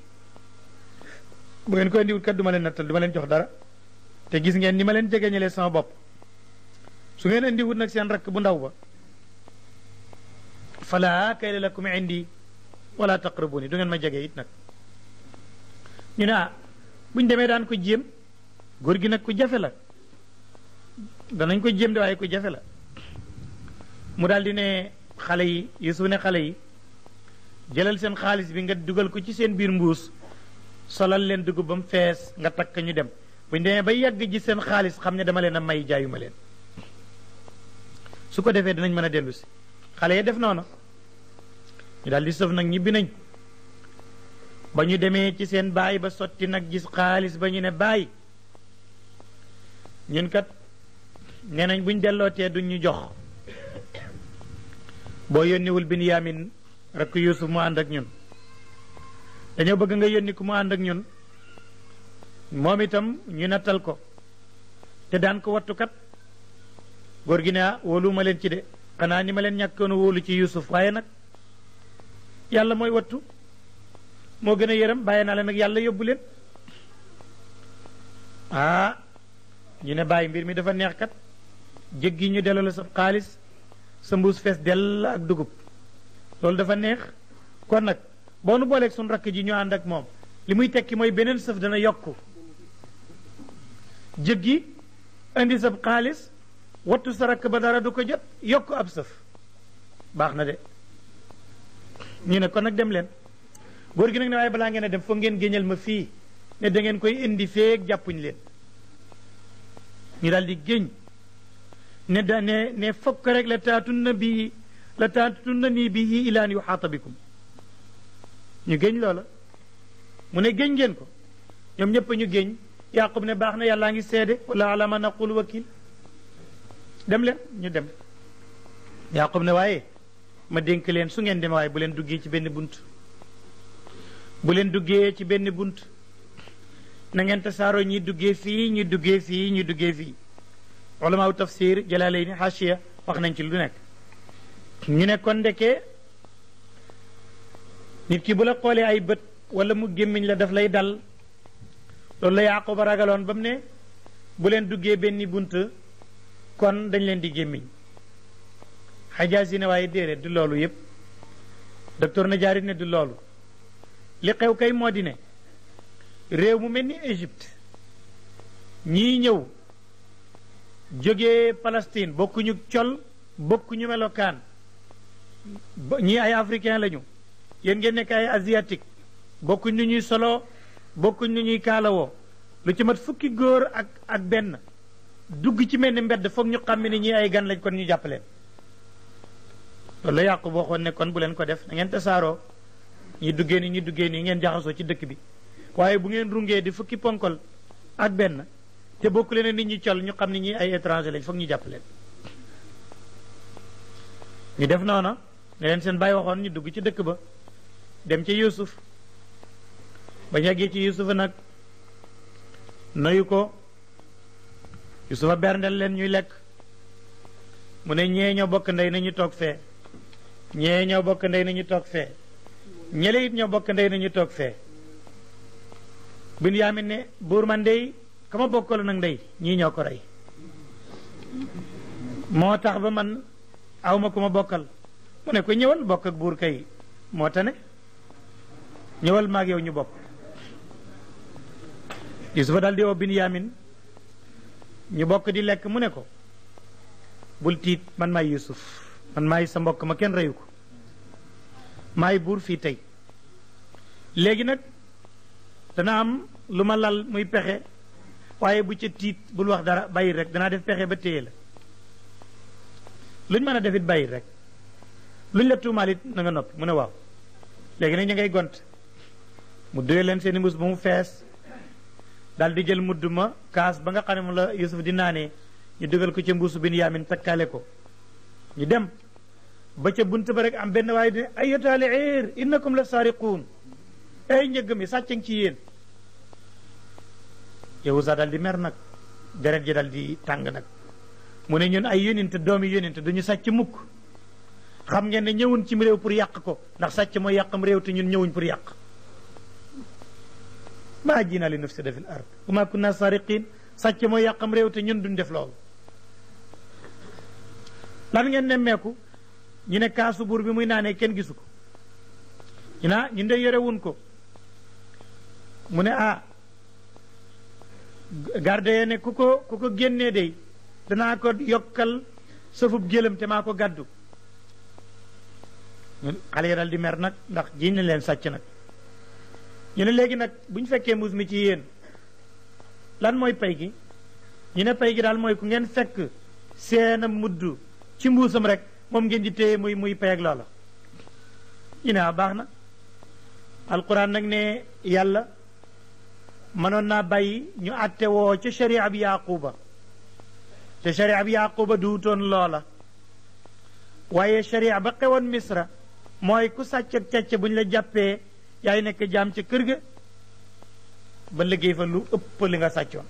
bu ngeen koy wut kat du ma leen nattal du leen jox dara te gis ngeen ni ma leen jegeñalee sama bop su ngeen wut nak seen rak bu ndaw ba fala kayla lakum indi wala taqrabuni du ngeen ma jege it nak ñu na ah, buñ demee daan ko jéem gor gi nak ku jafé la danañ ko jéem de ku jafé la mu daldi ne yi yusuf ne xalé yi jëlal seen xaalis bi nga dugal ko ci seen biir mbuus solal leen dugub ba mu fees nga takk ñu dem buñ demee ba yàgg ji seen xaalis xam ne dama leen a may jaayuma leen su ko defee dinañ mën a dellu si xale def noonu ñu daal di sëf nag ñibbi nañ ba ñu demee ci seen baay ba sotti nag gis xaalis ba ñu ne baay ñun kat nee nañ buñ dellootee duñ jox boo yónniwul bin yaamin rakk Yuusuf mu ànd ak ñun dañoo bëgg nga yónni ku mu ànd ak ñun moom itam ñu nattal ko te daan ko wattukat góor gi ne ah, wóolu ma leen ci de xanaa ni ma leen ñàkkoon wóolu ci Yuusuf waaye nag yàlla mooy wattu moo gën a yërëm bàyyi naa leen nag yàlla yóbbu leen ah ñu ne bàyyi mbir mi dafa neex kat jéggi ñu delloo la sa xaalis sa mbuus fees dell ak dugub loolu dafa neex kon nag boo nu booleeg suñu rakk ji ñu ànd ak moom li muy tekki mooy beneen sëf dana yokku jëggi indi sab xaalis wattu sa rakk ba dara du ko jot yokk ab sëf baax na de ñu ne kon nag dem leen góor gi nag ne waaye balaa ngeen a dem foog ngeen géñal ma fii ne da ngeen koy indi feeg jàppuñ leen ñu daal di géñ ne da ne ne fokk rek la taatu nabi la taatunnanii bihi ilaa an yuxaata bikum ñu géñ loola mu ne géñ geen ko ñoom ñëpp ñu géñ yaqub ne baax na yàllaa ngi seede wala ala ma naqul wakil dem leen ñu dem yaqub ne waaye ma dénk leen su ngeen demee waaye bu leen duggee ci benn bunt bu leen duggee ci benn bunt na ngeen tasaaroo ñi duggee fii ñi duggee fii ñi duggee fii ulamaaw tafsir jalaalayni xaashiya wax nañ ci lu nekk ñu ne kon ndeke nit ki bu la xoolee ay bët wala mu gémmiñ la daf lay dal loolu lay la ba ragaloon ba mu ne bu leen duggee benn bunt kon dañ leen di gémmiñ xajaas yi ne waaye déedéet du loolu yépp docteur na jaarit ne di loolu li xew kay moo di ne réew mu mel ni Égypte ñii ñëw jógee Palestine bokkuñu col bokkuñu melokaan ñii ay africain lañu yéen ngeen nekk ay asiatique bokkuñ nu ñuy solo bokkuñ nu ñuy kaalawoo lu ci mat fukki góor ak ak benn dugg ci mel ni mbedd foog ñu xam ne ñii ay gan lañ kon ñu jàppaleen la yàqu boo xoon ne kon bu leen ko def na ngeen tasaaroo ñi duggee ni ñi duggee ni ngeen jaxasoo ci dëkk bi waaye bu ngeen rungee di fukki ponkol ak benn te bokku leen nit ñi col ñu xam ni ñi ay étranger lañ foog ñu jàppaleen ñu def noona ne leen seen bàyyi waxoon ñu dugg ci dëkk ba dem ci yusuf ba yeggee ci yusufa nag nuyu ko yusufa berndel leen ñuy lekk mu ne ñee ñoo bokk ndey nañu toog fee ñee ñoo bokk ndey nañu toog fee ñele it ñoo bokk ndey nañu toog fee Binyaamin ne buur man dey kama bokkaloon ak ndey ñii ñoo ko rey moo tax ba man awma ku ma bokkal mu ne ko ñëwal bokk ak buur kay moo tane ñëwal maag yow ñu bokk yusufa daal di woo binyamin ñu bokk di lekk mu ne ko bul tiit man maay yusuf man maay sa mbokk ma kenn reyu ko maay buur fii tey léegi nag dana am lu ma lal muy pexe waaye bu ca tiit bul wax dara bàyyi rek danaa def pexe ba téye la luñ mën a defit bàyyi rek luñ la tuumaal it na nga mu ne waaw léegi nag ñu ngay gont mu duye leen seen i mbuus ba mu fees daal di jël mudd ma kaas ba nga xam ne moom la Yusuf di naanee ñu dugal ko ca mbuusu Binyaamin takkaale ko ñu dem ba ca bunt ba rek am benn waaye dine ayyataali eer innakum la saariquun ay njëgg ci yéen Yahuza daal di mer nag deret ji daal tàng nag mu ne ñun ay yóninte doomi yóninte duñu sàcc mukk xam ngeen ne ñëwun ci réew pour yàq ko ndax sàcc mooy yàqam réew te ñun ñëwuñ pour yàq maa jinaa li nufsida fil ard wa maa kunna sariqin sàcc mooy yàqam réew te ñun duñ def loolu lan ngeen nemmeeku ñu ne kaasu buur bi muy naanee kenn gisu ko ñu naa ah, ñu de yorewun ko mu ne ah garde ya ne ku ko ku ko génnee day danaa ko yokkal sëfub gélam te maa ko gàddu xale yi di mer nag ndax jiñ leen sàcc nag ñu ne léegi nag bu ñu fekkee mbuus mi ci yéen lan mooy pay gi ñu ne pay gi daal mooy ku ngeen fekk seen a mudd ci mbuusam rek moom ngeen di téye muy muy pay ak loola ñu ne a ah, baax na alquran nag ne yàlla mënoon naa bàyyi ñu àtte woo ca sharia bi yaquba te sharia bi yaquba duutoon loola waaye sharia ba xewoon misra mooy ku sàcc ak càcc bu ñu la jàppee yaay nekk jaam ci kër ga ba liggéey fa lu ëpp li nga sàccoon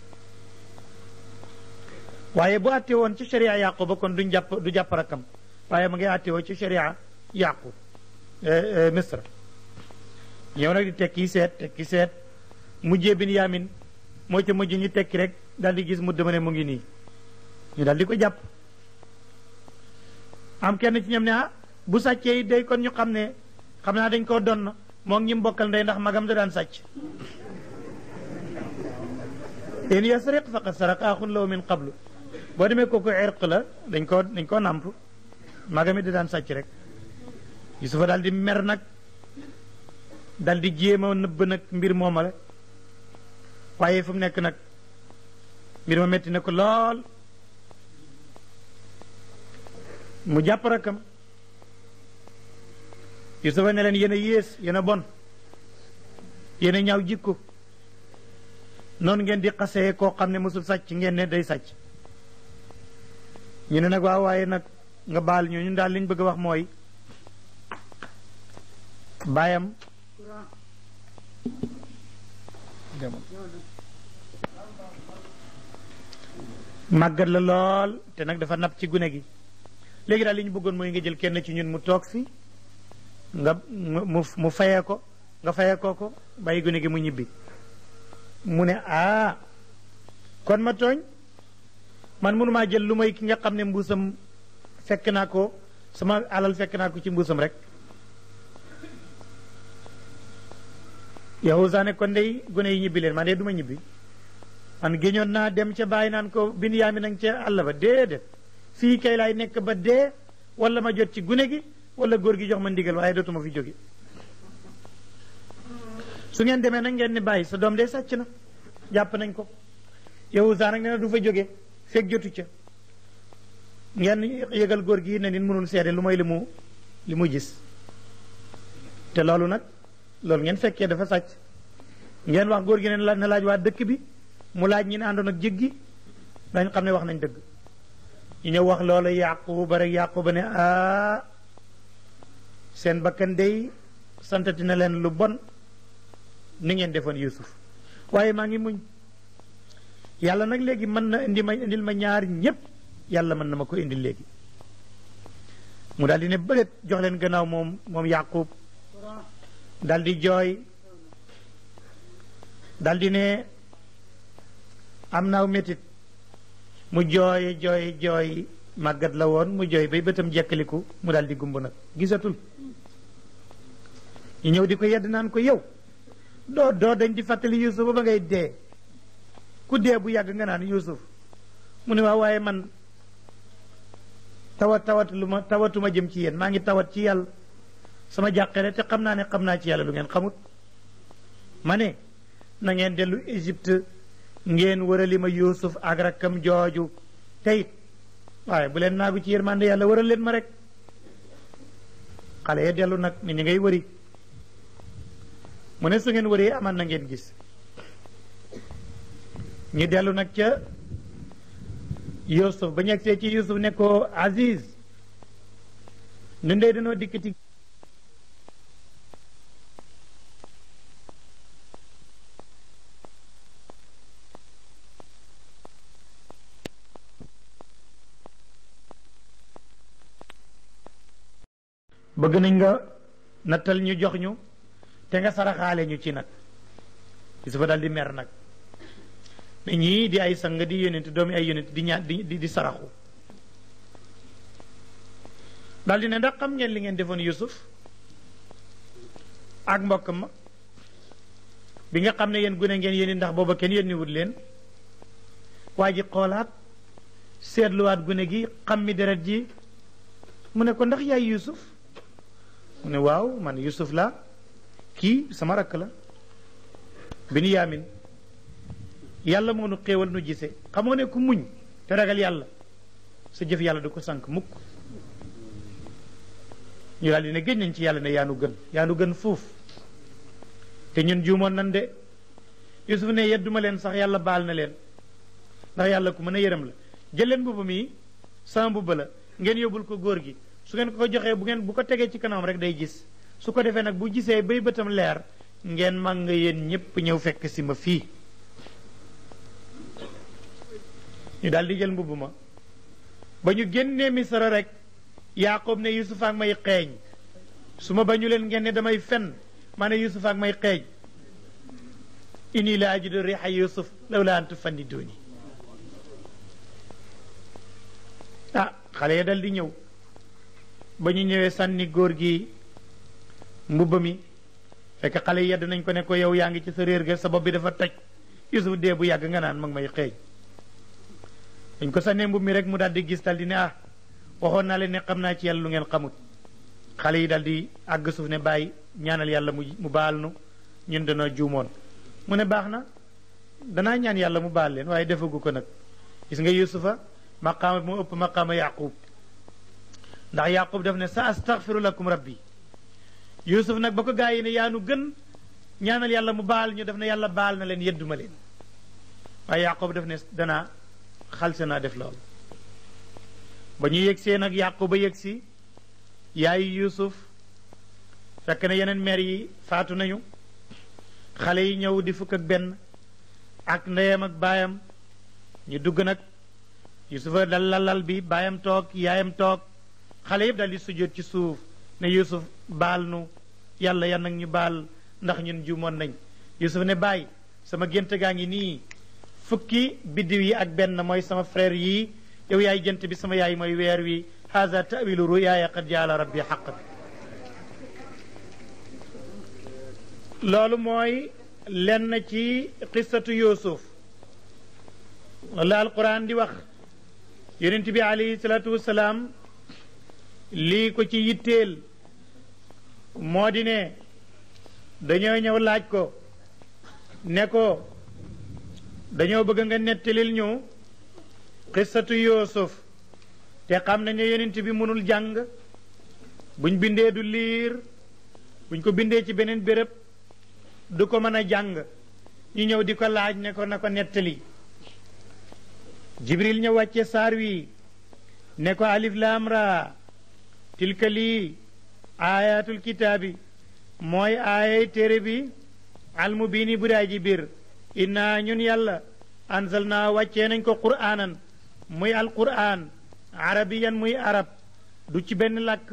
waaye bu àttee woon ci sharia yàqu ba kon duñ jàpp du jàpp rakam waaye ma ngi àtte woo ci sharia yàqu eh, eh, misra ñëw nag di tekki seet tekki seet mujjee bin yaamin moo ca mujj ñu tekki rek daal di gis mu dama mu ngi nii ñu daal di ko jàpp am kenn ci ñoom ne ah bu sacce yi day kon ñu xamne xamna dañ ko don mo ngi mbokal ndey ndax magam da daan sàcc yasriq law min qablu boo demee kooku irq la dañ ko dañ ko nàmp magam da dan sacc rek yusufa daldi di mer nak daldi di neub nak mbir momale waye fu nek nak mbir mo metti nak lol mu japp rakam yusufa ne len yene yes yene bon yene Nyaujiku jikko non ngeen di xasse ko xamne musul sacc ngeen ne day sacc ñu nak nag waaw waaye nga bal ñu ñun dal liñ bëgg a wax mooy baayam magal la lol te nak dafa nap ci gune gi legui dal liñ bëggoon nga jël kenn ci ñun mu tok fi nga mu mu fayee ko nga fayee koo ko bàyyi gune gi mu ñibbi mu ne aa ah, kon ma tooñ man mënumaa jël lu may ki nga xam ne mbuusam fekk naa ko sama alal fekk naa ko ci mbuusam rek Yahuza ne kon dey gune yi ñibbi leen man de du ma ñibbi man géñoon naa dem ca bàyyi naan ko Binyaamin nag ca àll ba déedéet fii kay laay nekk ba dee walla ma jot ci gune gi wala góor gi jox ma ndigal waaye dootuma fi jóge su ngeen demee nag ngeen ni bàyyi sa doom de sàcc na jàpp nañ ko yow sax nag nee na du jóge fekk jotu ca ngeen yëgal góor gi ne nit mënul seede lu mooy li mu li mu gis te loolu nag loolu ngeen fekkee dafa sàcc ngeen wax góor gi ne na laaj waa dëkk bi mu laaj ñi ne àndoon ak jéggi dañ xam ne wax nañ dëgg ñu ñëw wax loola yàqu ba rek yàqu ba ne ah seen bakkan dey santati na leen lu bon ni ngeen defoon Yuusuf waaye maa ngi muñ yàlla nag léegi mën na indi ma indil ma ñaar ñépp yàlla mën na ma ko indi léegi mu daal di ne bëlet jox leen gannaaw moom moom Yaaqub daal jooy daldi ne am naaw métit mu jooye jooy jooy magat la won mu joy bay bëtam jekaliku mu daldi di nak gisatul ñi ñew di yedd naan ko yow do do dañ di fatali yusuf ba ngay dee ku dee bu yag nga naan yusuf mu ne wa waye man tawat tawat lu ma tawatuma jëm ci yeen ma ngi tawat ci yalla sama jaxere te xamna ne xamna ci yalla lu ngeen xamut mané na ngeen delu Égypte ngeen wërali ma ak rakam joju tayit waaye bu leen naagu ci yërmande yàlla waral leen ma rek xale ya dellu nag ni ñu ngay wëri mu ne su ngeen wëree aman na ngeen gis ñu dellu nag ca yusuf ba ñu agsee ci yusuf ne ko aziz nun dey danoo dikkati bëgg nañ nga natal ñu jox ñu te nga saraxaale ñu ci nag fa daal di mer nag ne ñii di ay sang di yonent doomi ay yonent di ñaan di di saraxu daal di ne ndax xam ngeen li ngeen defoon Yusuf ak mbokk ma bi nga xam ne yéen gune ngeen yéen ndax booba kenn yéen wut leen waa ji xoolaat seetluwaat gune gi xam mi deret ji mu ne ko ndax yaay Yusuf mu waaw man Yusuf la kii sama rakk la Binyamin yàlla moo nu xéewal nu gise xamoo ne ku muñ te ragal yàlla sa jëf yàlla du ko sànq mukk ñu daal di ne génn nañ ci yàlla ne yaanu gën yaanu gën fuuf te ñun juumoon nan de Yusuf ne yedduma leen sax yàlla baal na leen ndax yàlla ku mën a yërëm la jël mbubb mi sama mbubb la ngeen yóbbul ko góor gi su ngeen ko joxe bu ngeen bu ko tege ci kanam rek day gis su ko defee nag bu gisee bay bëtam leer ngeen màng yeen ñépp ñëw fekk si ma fii ñu dal di jël mbubuma ba ñu génnee misra rek yaqub ne yusuf ak may xeeñ suma bañu leen ngeen ne damay fen ma ne yusuf ak may xeeñ ini la ajidu riha yusuf law la antu fanni duni ah xale ya dal di ñëw ba ñu ñëwee sànni góor gi mbubba mi fekk xale yedd nañ ko ne ko yow yaa ngi ci sa réer ga sa bopp bi dafa toj yusuf dee bu yàgg nga naan mag may xeeñ dañ ko sànnee mbub mi rek mu daal di gis daal di ne ah waxoon naa leen ne xam naa ci yàlla lu ngeen xamut xale yi daal di àgg suuf ne bàyyi ñaanal yàlla mu mu baal nu ñun dana juumoon mu ne baax na danaa ñaan yàlla mu baal leen waaye defagu ko nag gis nga yusufa maqaama bi mu ëpp maqaama yaqub ndax yaqub def ne sa astaghfiru lakum rabbi yusuf nag ba ko gaa yi ne yaanu gën ñaanal yàlla mu baal ñu def ne yàlla baal na leen yedduma leen waaye yaqub def ne danaa xalse naa def lool ba ñu yëgsee nag yaquba yëgsi yaayu yusuf fekk na yeneen meer yi faatu nañu xale yi ñëw di fukk ak benn ak ndeyam ak baayam ñu dugg nag yusufa dal lalal bi baayam toog yaayam toog xale yëpp daal di sujjóot ci suuf ne yusuf baal nu yàlla yan nag ñu baal ndax ñun juumoon nañ yusuf ne bàyyi sama gént gaa ngi nii fukki biddiw yi ak benn mooy sama frère yi yow yaay gént bi sama yaay mooy weer wi haza tawilu ruyaaya qad jaala rabbi xaq bi loolu mooy lenn ci qissatu yusuf la alquran di wax yonent bi alayhi salaatu lii ko ci yitteel moo di dañoo ñëw laaj ko ne ko dañoo bëgg nga nettalil ñu xissatu yoosuf te xam nañ ne bi mënul jàng buñ bindee du liir buñ ko bindee ci beneen béréb du ko mën a jàng ñu ñëw di ko laaj ne ko na nettali jibril ñu wàcce saar wi ne ko alif laam raa tilka lii aayatul kitaabi mooy aayay téere bi almubiini bu daay ji biir innaa ñun yàlla anzal na wàccee nañ ko qur'aanan muy alqur'aan arabiyan muy arab du ci benn làkk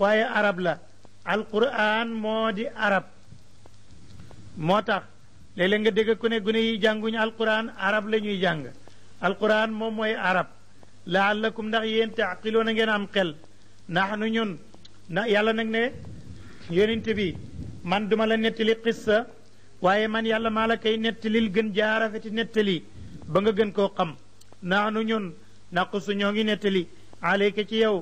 waaye arab la alqur'aan moo di arab moo tax léeg-léeg nga dégg ku ne gune yi jànguñu alqur'aan arab la ñuy jàng alqur'aan moom mooy arab laallakum ndax yéen taaqiloon a ngeen am xel nax nu ñun na yàlla nag ne yonente bi man duma la nettali qissa waaye man yàlla maa la koy nettalil gën jaarafeti nettali ba nga gën koo xam nax nu ñun naqusu ñoo ngi nettali aleyka ci yow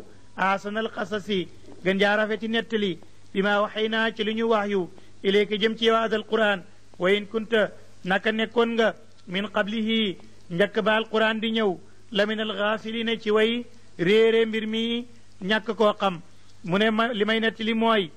aasanal xasasi gën jaarafeti nettali bi maa waxey naa ci lu ñu wax yu ilayka jëm ci yow adal quran wa kunta naka nekkoon nga min qablihi njëkk ba alquran di ñëw la min alxaafilina ci way réere mbir mi ñàkk koo xam mu ne ma li may nett li mooy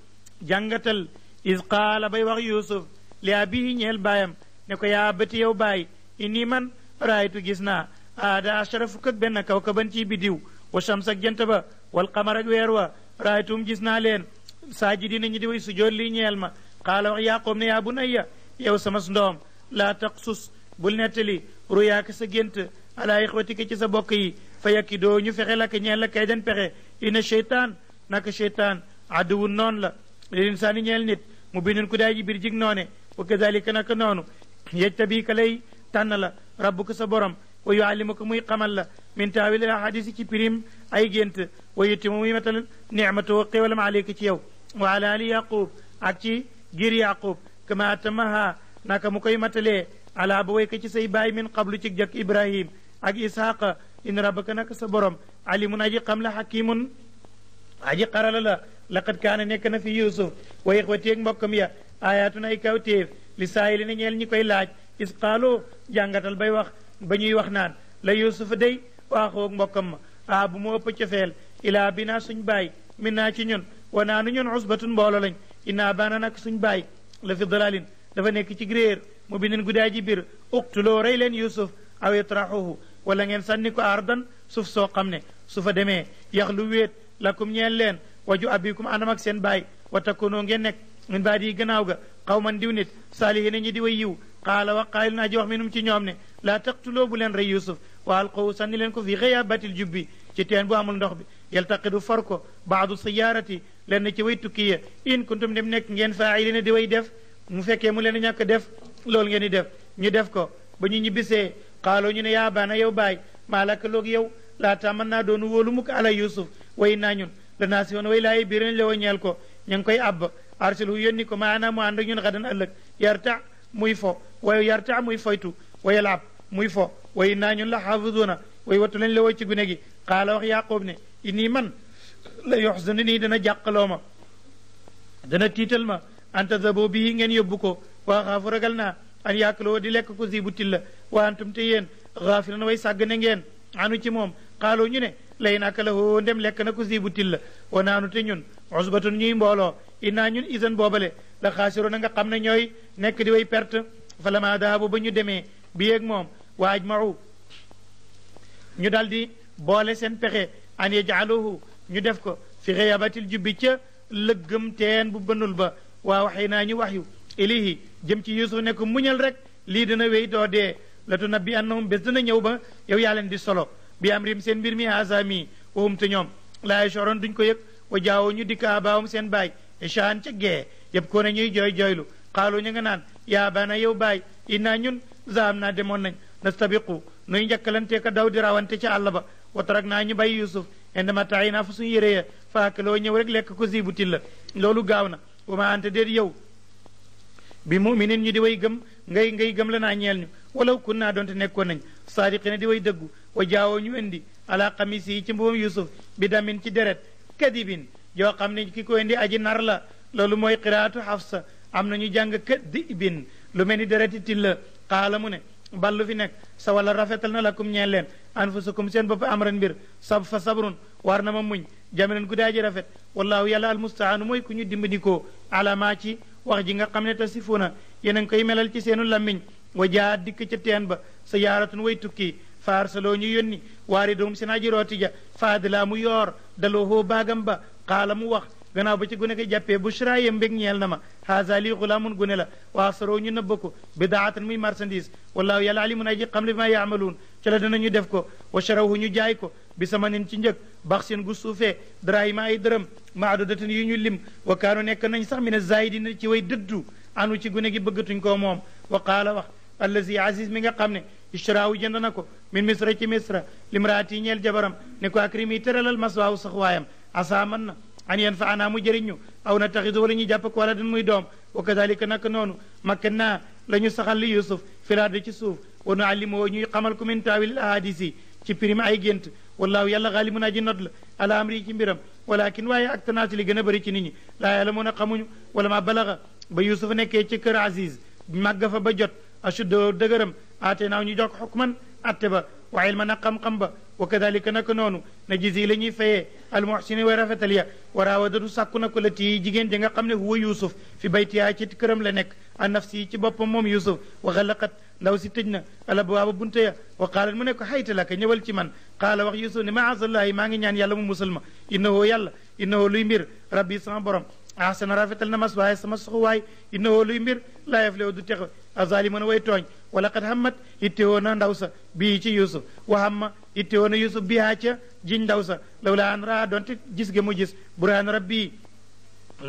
jàngatal is qaala bay wax yusuf li abihi ñeel baayam ne ko yaa bëti yow baay inni man raaytu gis naa aada ashara fukk ak benn kaw kaban ci bidiw wa shams ak jant ba wal qamar ak weer wa raaytum gis naa leen saajidina ñu di way sujoot lii ñeel ma qaala wax yaqoob ne yaa bunayya yow sama ndoom laa taqsus bul nettali ruyaaka sa gént alaa ixwatika ci sa bokk yi fayakido ñu fexe la ke la kay den pexe ina shaytan nak shaytan adu non la lil insaani ñeel nit mu binun ku day ji biir jig noné wa kadalika naka noonu yej tabii ka lay la rabbuka sa borom wa yuallimuka muy qamal la min tawil al hadith ci pirim ay gént wa yuttimu muy matal nicmatu xéwalam alayka ci yow wa ala ali yaqub ak ci gir yaqub kama tamaha nak mu koy matalé ala ba wayka ci say bay min qablu ci jëkk ibrahim ak ishaqa in rabbaka naka sa borom alimun aji xam la xakimun aji xarala la laqad kaana nekk na fi yusuf wa ixwati ak mbokkam ya ayaatun ay kawtéef li saayili na ñeel ñi koy laaj isqaalu jàngatal bay wax ba ñuy wax naan la yusufa day waaxoog mbokkam ma a bu mu ëpp cofeel ilaa bi naa suñ baay min naa ci ñun wa naa nu ñun usbatun mboolo lañ innaa baana nak suñ baay la fi dalalin dafa nekk ci gréer mu binin guddaa ji biir uqtuloo rey leen yusuf aw itrahuhu wala ngeen sànni ko ardan suuf soo xam ne su fa demee yax lu wéet lakum ñeen leen waju abikum anam ak seen baay wa takkunoo ngeen nekk min baadi yi gannaaw ga xaw man diw nit saalihi na ñi di way yiw qaala wa qaalin aji wax minum ci ñoom ne laa taqtuloo bu leen rey yusuf wa alqawu sànni leen ko fii xëyaabatil jubbi ci teen bu amul ndox bi yaltaqidu for ko baadu siyaarati leen ci way tukki ya in kuntum dem nekk ngeen faa'ilina di way def mu fekkee mu leen ñàkk def loolu ngeen di def ñu def ko qaalu ñu ne yaa baana yow baay maalaka loog yow laata mën naa doonu wóolu mukk ala yusuf way naa ñun la naa si woon way laayi birin lewo ñeel ko ñu ngi koy àbb arsil hu yónni ko maanaam mu ànd ak ñun xadan ëllëg yarta muy fo way yarta muy foytu wayal ab muy fo woy naa ñun la xaafizuuna way wattu lañ lewo ci gune gi qaala wax yaqub ne inni man la yoxsunu nii dana jàqaloo ma dana tiital ma anta zabo bii ko waa xaafu ragal naa an yaakaloo di lekk ko zibu tilla wa antum te yéen gaafilan way na ngeen anu ci moom xaaloo ñu ne lay naka la ndem lekk na ko zibu tilla wa naanu te ñun usbatun ñuy mbooloo innaa ñun isan boobale la xaasiro na nga xam na ñooy nekk di way perte fa lama daabu ba ñu demee bi yeeg moom wa ajmau ñu dal di boole seen pexe an yajaaluhu ñu def ko fi xeyabatil ji ca lëggëm teen bu bënul ba waa waxee naa ñu waxyu ilayhi jëm ci yuusuf ne mu muñal rek lii dana wéy doo dee la tu nabbi annahum bés dina ñëw ba yow yaa leen di solo bi am rim seen mbir mi haasa mi wahum te ñoom laay soroon duñ ko yëg wa jaawoo ñu dikka abaawum seen baay echaan ca gee yëpp ko ne ñuy jooy jooylu xaalu ñu nga naan yaa na yow baay innaa ñun zaam naa demoon nañ nastabiqu nuy njëkkalante ka daw di rawante ca àll ba watarak naa ñu bay yusuf inde ma taay na fa suñu yére ya faakiloo ñëw rek lekk ko ziibu til la loolu gaaw na wa ma ante déet yow bi muminin ñu di way gëm ngay ngay gëm la naa ñeel ñu walaw kun naa doonte nekkoon nañ saadiqina di way dëggu wa jaawoo ñu indi ala xamis yi ci mbubam yusuf bi damin ci deret kadibin yoo xam ne ki ko indi aji nar la loolu mooy qiraatu xafsa am na ñu jàng kadibin lu mel ni dereti til la xaala mu ne ballu fi nekk sa wala rafetal na la lakum ñeen leen anfusakum seen bopp amran mbir sab fa sabrun war na ma muñ jaminan ku daaji rafet wallahu yàlla almustaanu mooy ku wax ji nga xam ne tasifuuna yéen a ngi koy melal ci seenu lammiñ wa jaar dikk ca teen ba sa yaaratun way tukki faar loo ñu yónni waari doom seen aji rooti ja faadilaa mu yoor daloo hoo baagam ba xaala mu wax gannaaw ba ci gune gi jàppee bushra ye mbég ñeel na ma haasa lii xulaamun gune la waa saroo ñu nëbb ko bidaatan muy marchandise wallahu yàlla alimun aji xam li ma yaamaluun ci la danañu def ko wa sharawu ñu jaay ko bi sama nin ci njëg bax seen gu suufee drahima ay dërëm maadudatan yu ñu lim wa kaanu nekk nañ sax mi ne ci way dëddu anu ci gune gi bëggatuñ ko moom wa qaala wax allazi aziz mi nga xam ne ishraawu jënd na ko min misra ci misra limraati ñeel jabaram ne ko akrimi tëralal maswaaw sax waayam asaa man na an yanfaana mu jëriñu aw na taxidu wala ñu jàpp ko wala dan muy doom wa kadalika nak noonu makkanna la ñu saxal li yusuf firaade ci suuf wa nu allimoo ñuy xamal ku min taawil ahadisi ci prime ay gént wallaahu yàlla xaalimun aji not la ala amri ci mbiram walakin waaye ak tanaasi li gën a bëri ci nit ñi laa yàlla mun a xamuñu wala ma balaxa ba yusuf nekkee ci kër aziz màgg fa ba jot ashuddoo dëgëram aate naaw ñu jox xukman atte ba wa ilman a xam-xam ba وكذلك نكنون نجزي لني في المحسن ورفت ليا وراودو ساكونا كلتي جيجين ديغا خامني هو يوسف في بيتي اي تي كرم لا نيك ان نفسي تي موم يوسف وغلقت لو ستجنا على بواب بنتيا وقال منك حيت لك نيول تي قال وخ يوسف ما عز الله ماغي نيان يالا مسلم انه يالا انه لوي ربي سان بروم ahsana rafetal na mas waaye sama soxu waay innahu luy mbir laa yaflihu du texe azalimuna way tooñ wala qad hammat ittewoo na ndaw sa bii ci yusuf wa hamma ittewoo na yusuf bihaa ca jiñ ndaw sa lawla an raa donte gis ge mu gis burhaan rabbi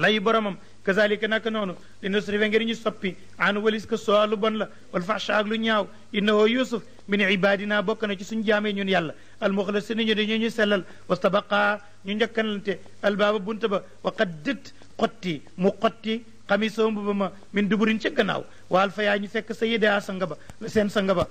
lay boromam kazalika naka noonu li nusrife ngeen ñu soppi an walis ko soo lu bon la wal faxsha ak lu ñaaw innahu yusuf min ibadina bokk na ci suñu jaamee ñun yàlla almuxlasina ñu dañu ñu sellal wastabaqaa ñu njëkkanlante albaaba bunta ba waqad dët xotti mu xotti xami sama ba ma min duburin ca gannaaw waal fa yaa ñu fekk sa yédea sanga ba seen sanga ba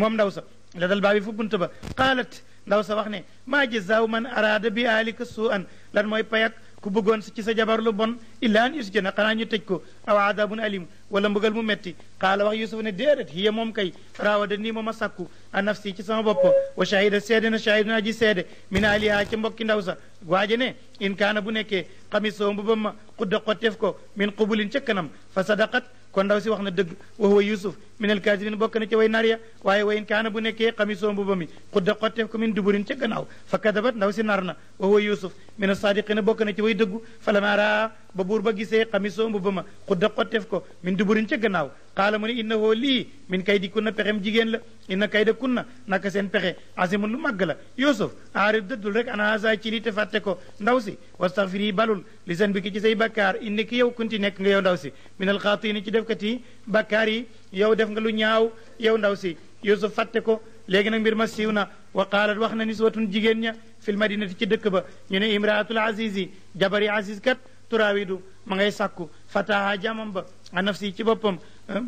moom ndaw sa la dal baabi fu bunta ba qaalat ndaw sa wax ne maa jazaaw man araada bi alika suu an lan mooy payak ku bëggoon ci sa jabar lu bon illaan yusjana xanaa ñu tëj ko aw adabun alim wala mbëggal mu metti xaala wax yusuf ne déedéet hiya moom kay raawada nii moom a sàkku a nafsi ci sama bopp wa shahida seede na shahidun aji seede min aliha ca mbokki ndaw sa waaje ne in kaana bu nekkee xamisoo mbubam ma xudda xotteef ko min qubulin ca kanam fa sadaqat kon ndaw si wax na dëgg wa huwa yusuf من الكاذبين بوك نتي وين ناريا واي وين كان بو نيكي قميصو مبومي قد قتكم من دبرين تي غناو فكذبت ناو سي نارنا وهو يوسف من الصادقين بوك نتي وي دغ فلما را ببور با غيسه قميصو مبوما قد قتكم من دبرين تي غناو قال من انه لي من كيدي كنا بخم جيجن لا ان كيد كنا نك سين بخي عظيم لو ماغلا يوسف اريد دول رك انا ذا تي لي تفاتكو ندوسي واستغفري بالون لذنبك تي سي بكار انك يو كنت نك يو ندوسي من الخاطئين تي دفكتي بكاري yow def nga lu ñaaw yow ndaw si yusuf fàtte ko léegi nag mbir ma siiw na wa qaalat wax na niswatun jigéen ña fil madinati ci dëkk ba ñu ne imraatul azizi jabari aziz kat turaawidu ma ngay sàkku fataha jamam ba a nafsi ci boppam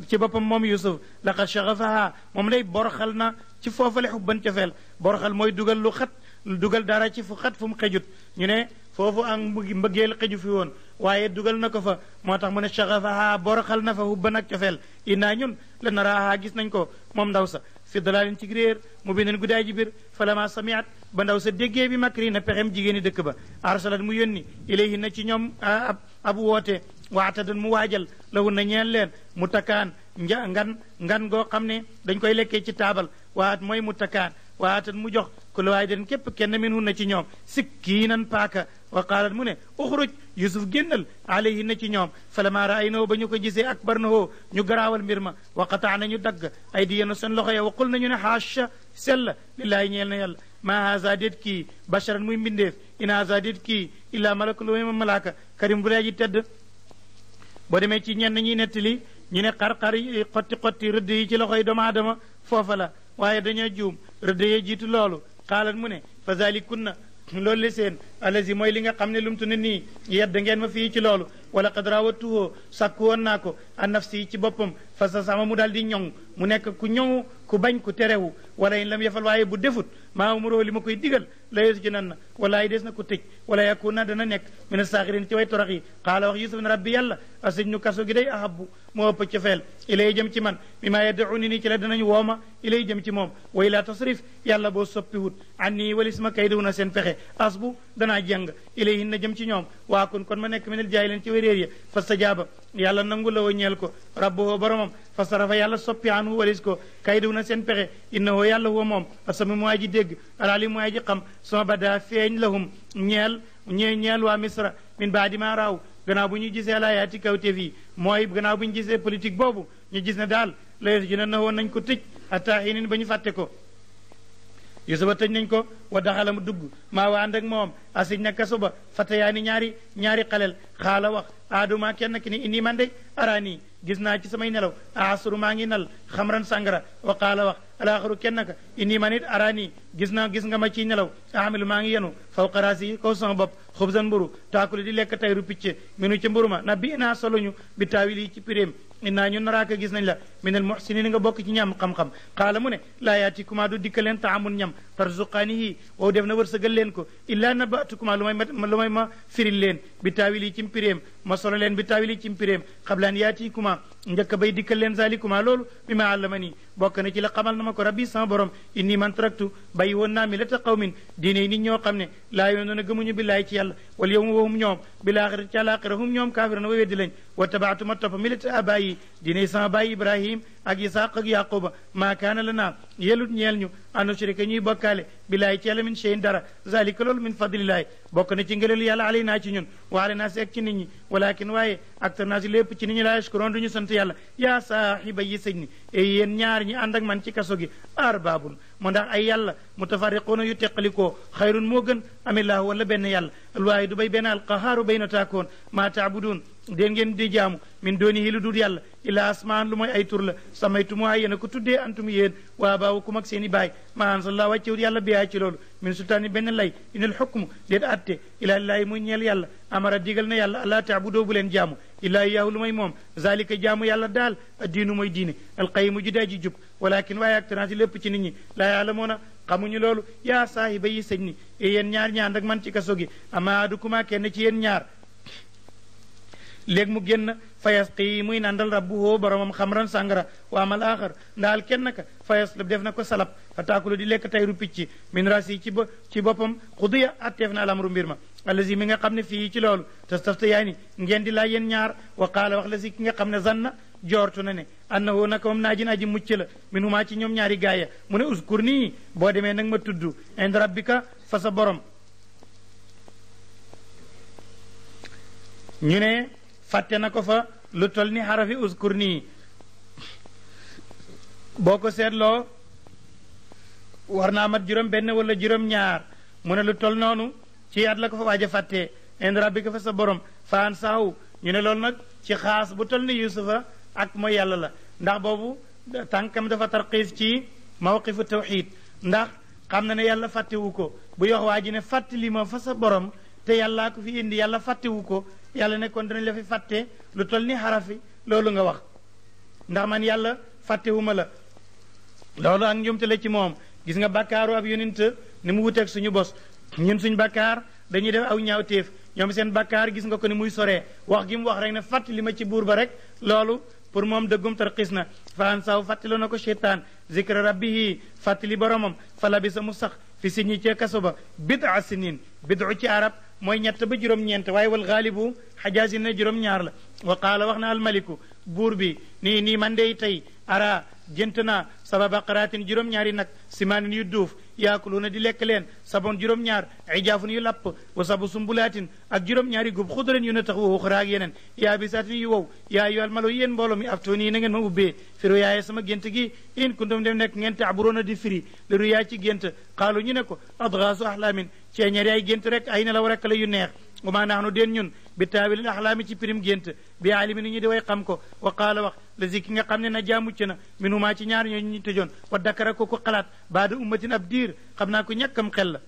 ci boppam moom yusuf laqad shagafaha moom lay borxal na ci foofale xubban cofeel borxal mooy dugal lu xat dugal dara ci fu xat fu mu xejut ñu foofu ak mbëgg mbëggeel xëju fi woon waaye dugal na ko fa moo tax mu ne chaxafaha boroxal na fa hubban ak cofeel naa ñun la a naraaha gis nañ ko moom ndaw sa fi dalaalin ci réer mu bi neen guddaay ji biir falama samiat ba ndaw sa déggee bi makri na pexem jigéeni dëkk ba arsalat mu yónni ilayhi na ci ñoom ab ab woote waatadan mu waajal lawu na ñeen leen mu takkaan nja ngan ngan goo xam ne dañ koy lekkee ci taabal waat mooy mu takkaan waatan mu jox kullu waahidin képp kenn minhun na ci ñoom sikkiinan paaka wa qaalat mu ne uxruj yusuf génnal alayhi na ci ñoom falammaa raaynahu ba ñu ko gisee akbar na hoo ñu garaawal mbir ma wa qataa nañu dagg ay di yéen seen loxo ya wa qul nañu ne xaasha sell lillaahi ñeel na yàlla maa haza déet kii basharan muy mbindeef in haza déet kii illaa malakun lu ma malaaka karim bu ji tedd boo demee ci ñenn ñi nettali ñu ne xar-xar yi xotti xotti rëdd yi ci loxoy doomu aadama foofa la waaye dañoo juum rëdd yee jiitu loolu xaalat mu ne fa zalikunna loolu la seen alazi mooy li nga xam ne lu mu tudd nii yedd ngeen ma fii ci loolu ولقد راودته سكو ناكو عن نفسي تي بوبم فساسام مو دالدي نيون مو نيك كو نيون ولا ان لم يفعل واي بو ما عمره لي ماكاي ديغال لا يسجن ولا يدس نكو ولا يكون دنا نيك من الساخرين تي واي قال وخ يوسف ربي يلا اسجن كاسو غي داي احب مو با الي جيم تي بما يدعوني ني دنا ووما الي جيم تي موم ويلا يلا بو سوبي عني ولي سما كيدو نسن danaa jàng ilayhin na jëm ci ñoom waa kun kon ma nekk minel jaay leen ci wéréer ya fa stajaaba yàlla nangu la woo ñeel ko rabbuhu boromam fa sarafa yàlla soppi anhu walis ko kaydu na seen pexe innahu yàlla huwa moom asami mooy ji dégg alaali mooy ji xam sama badaa feeñ la ñeel ñee ñeel waa misra min baadi ma raaw gannaaw bu ñu gisee laa yaati kawte fii mooy gannaaw bu ñu gisee politique boobu ñu gis ne daal la ji na nawoon nañ ko t ataa hinin ba ñu fàtte ko yusufa tëj nañ ko wa daxala mu dugg maa wa ak moom a na kaso ba fatayaani ñaari ñaari xalel xaala wax aaduma kenn ki ni indi man de araani gis naa ci samay nelaw aasuru maa ngi nal xamran sàngara wa qaala wax alaaxaru kenn ka indi man it araani gis naa gis nga ma ciy nelaw a aamilu maa ngi yenu fawqa raasi kaw sama bopp xubsan mburu taakuli di lekk tayru picce minu ci mburu ma na bi naa soluñu bi taawil yi ci piréem innaa ñun naraaka gis nañ la minal muxsinin nga bokk ci ñam xam-xam xaala mu ne laa yaatikumaa du dikka leen taamun ñam tarzuqaanihi wow def na wërsëgal leen ko illaa nabatukuma lu may ma ma firil leen bi taawili ci mpiréem ma solo leen bi taawili ci mpiréem xablaan yaatikuma njëkk bay dikkal leen zaalikuma loolu bi ma àllama nii bokk na ci la xamal na ma ko rabbi sama borom inni man traktu bàyyi woon naa mi la ta qawmin diine ne a la ta yi diiney sama baay ibrahim ak isaaq ak yaquba maa kaana lana yelut ñeel ñu an nushrika ñuy bokkaale bilaay ci yàlla min cheyin dara zalika loolu min fadlillahi bokk na ci ngëlelu yàlla alay naa ci ñun waale naa si ak ci nit ñi walakin waaye aktar naa si lépp ci nit ñi laa yashkuroon du ñu sant yàlla yaa saaxiba yi sëñ ni yéen ñaar ñi ànd ak man ci kaso gi arbaabun mu ndax ay yàlla mutafarriquuna yu teqalikoo xayrun moo gën amillahu wala benn yàlla alwaaye du bay dégg ngeen di jaamu min dooni hi lu dul yàlla illa asmaan lu mooy ay tur la samay tumoo yéen a ko tuddee antum yéen waa baawukum ak seen i baay maa anzalallaahu wàccewut yàlla biyaa ci loolu min sultaani benn lay inal xukmu déet atte ilaa lillaahi muy ñeel yàlla amara digal na yàlla allaa taabudoo bu leen jaamu illaa yaahu lu mooy moom zalika jaamu yàlla daal addiinu mooy diine alqayimu judaa ji jub walakin waaye ak tanaati lépp ci nit ñi laa yaalamoona xamuñu loolu yaa saahiba yi sëñ ni yéen ñaar ñaan rek man ci kaso gi amaa du kuma kenn ci yéen ñaar léegi mu génn fayasqi muy nandal rabbuhu boromam xamran sàngara waamal axar ndaal kenn ka fayaslab def na ko salab ataaku di lekk tayru picc min rasi ci ba ci boppam xuduya atteef na alamru mbir ma allazi mi nga xam ne fii ci loolu tastafta yaa ni ngeen di laa yéen ñaar wa qaala wax la ki nga xam ne zanna joortu na ne annahu naka moom naajin aji mucc la min humaa ci ñoom ñaari gaaya mu ne uskur ni boo demee nag ma tudd ind rabbika fa sa borom fàtte na ko fa lu tol ni xarafi uskur nii boo ko seetloo war naa mat juróom benn wala juróom ñaar mu ne lu tol noonu ci at la ko fa waaj a fàtte ind rabbika fa sa borom faan saxu ñu ne loolu nag ci xaas bu tol ni yusufa ak mooy yàlla la ndax boobu tànkam dafa tarxiis ci mawqifu tawxid ndax xam na ne yàlla fàttewu ko bu yox waa ne fàttali ma fa sa borom te yàllaa ko fi indi yàlla fàttewu ko yàlla ne kon danañ la fi fàtte lu toll ni xarafi loolu nga wax ndax man yàlla fàttewuma la loolu ak njuumte la ci moom gis nga bàkkaaru ab yonent ni mu wuteeg suñu bos ñun suñ bakkaar dañuy def aw ñaawteef ñoom seen bakkaar gis nga ko ni muy soree wax gi mu wax rek ne fàtt li ma ci buur ba rek loolu pour moom dëggum tarxis na faan saaw fàttaloo na ko cheytaan zikra rabbihi fàttali boromam fala bi sa mu sax fi si ñi cee kaso ba bida sinin bidu ci arab mooy ñett ba juróom-ñeent waaye wal xaalibu xajaasi na juróom-ñaar la wa qaala wax na almaliku buur bi nii nii man dey tey ara jënt naa saba baqaraatin juróom-ñaari nag simaanin yu duuf yaa yaakuluuna di lekk leen sabon juróom-ñaar ay jaafun yu lapp wa sabu sumbulaatin ak juróom-ñaari gub xudran yu ne tax wa uxra ak yeneen yaa bi saatin yu wow yaa yu almalo yéen mbooloo mi aftoon yi na ngeen ma ubbee firu yaaye sama gént gi in kuntum dem nekk ngeen taaburoona di firi liru yaa ci gént xaalu ñu ne ko adgaasu ahlaamin ceeñeer yaay gént rek ay nelaw rek la yu neex wa maa naxnu den ñun bi taawilil axlaami ci pirim gént bi alimi ni ñu di way xam ko wa qaala wax la zikki nga xam ne na jaamucc na minumaa ci ñaar ñoo ñu tëjoon wa dakara ko ko xalaat baada ummatin ab diir xam naa ko ñàkkam xel la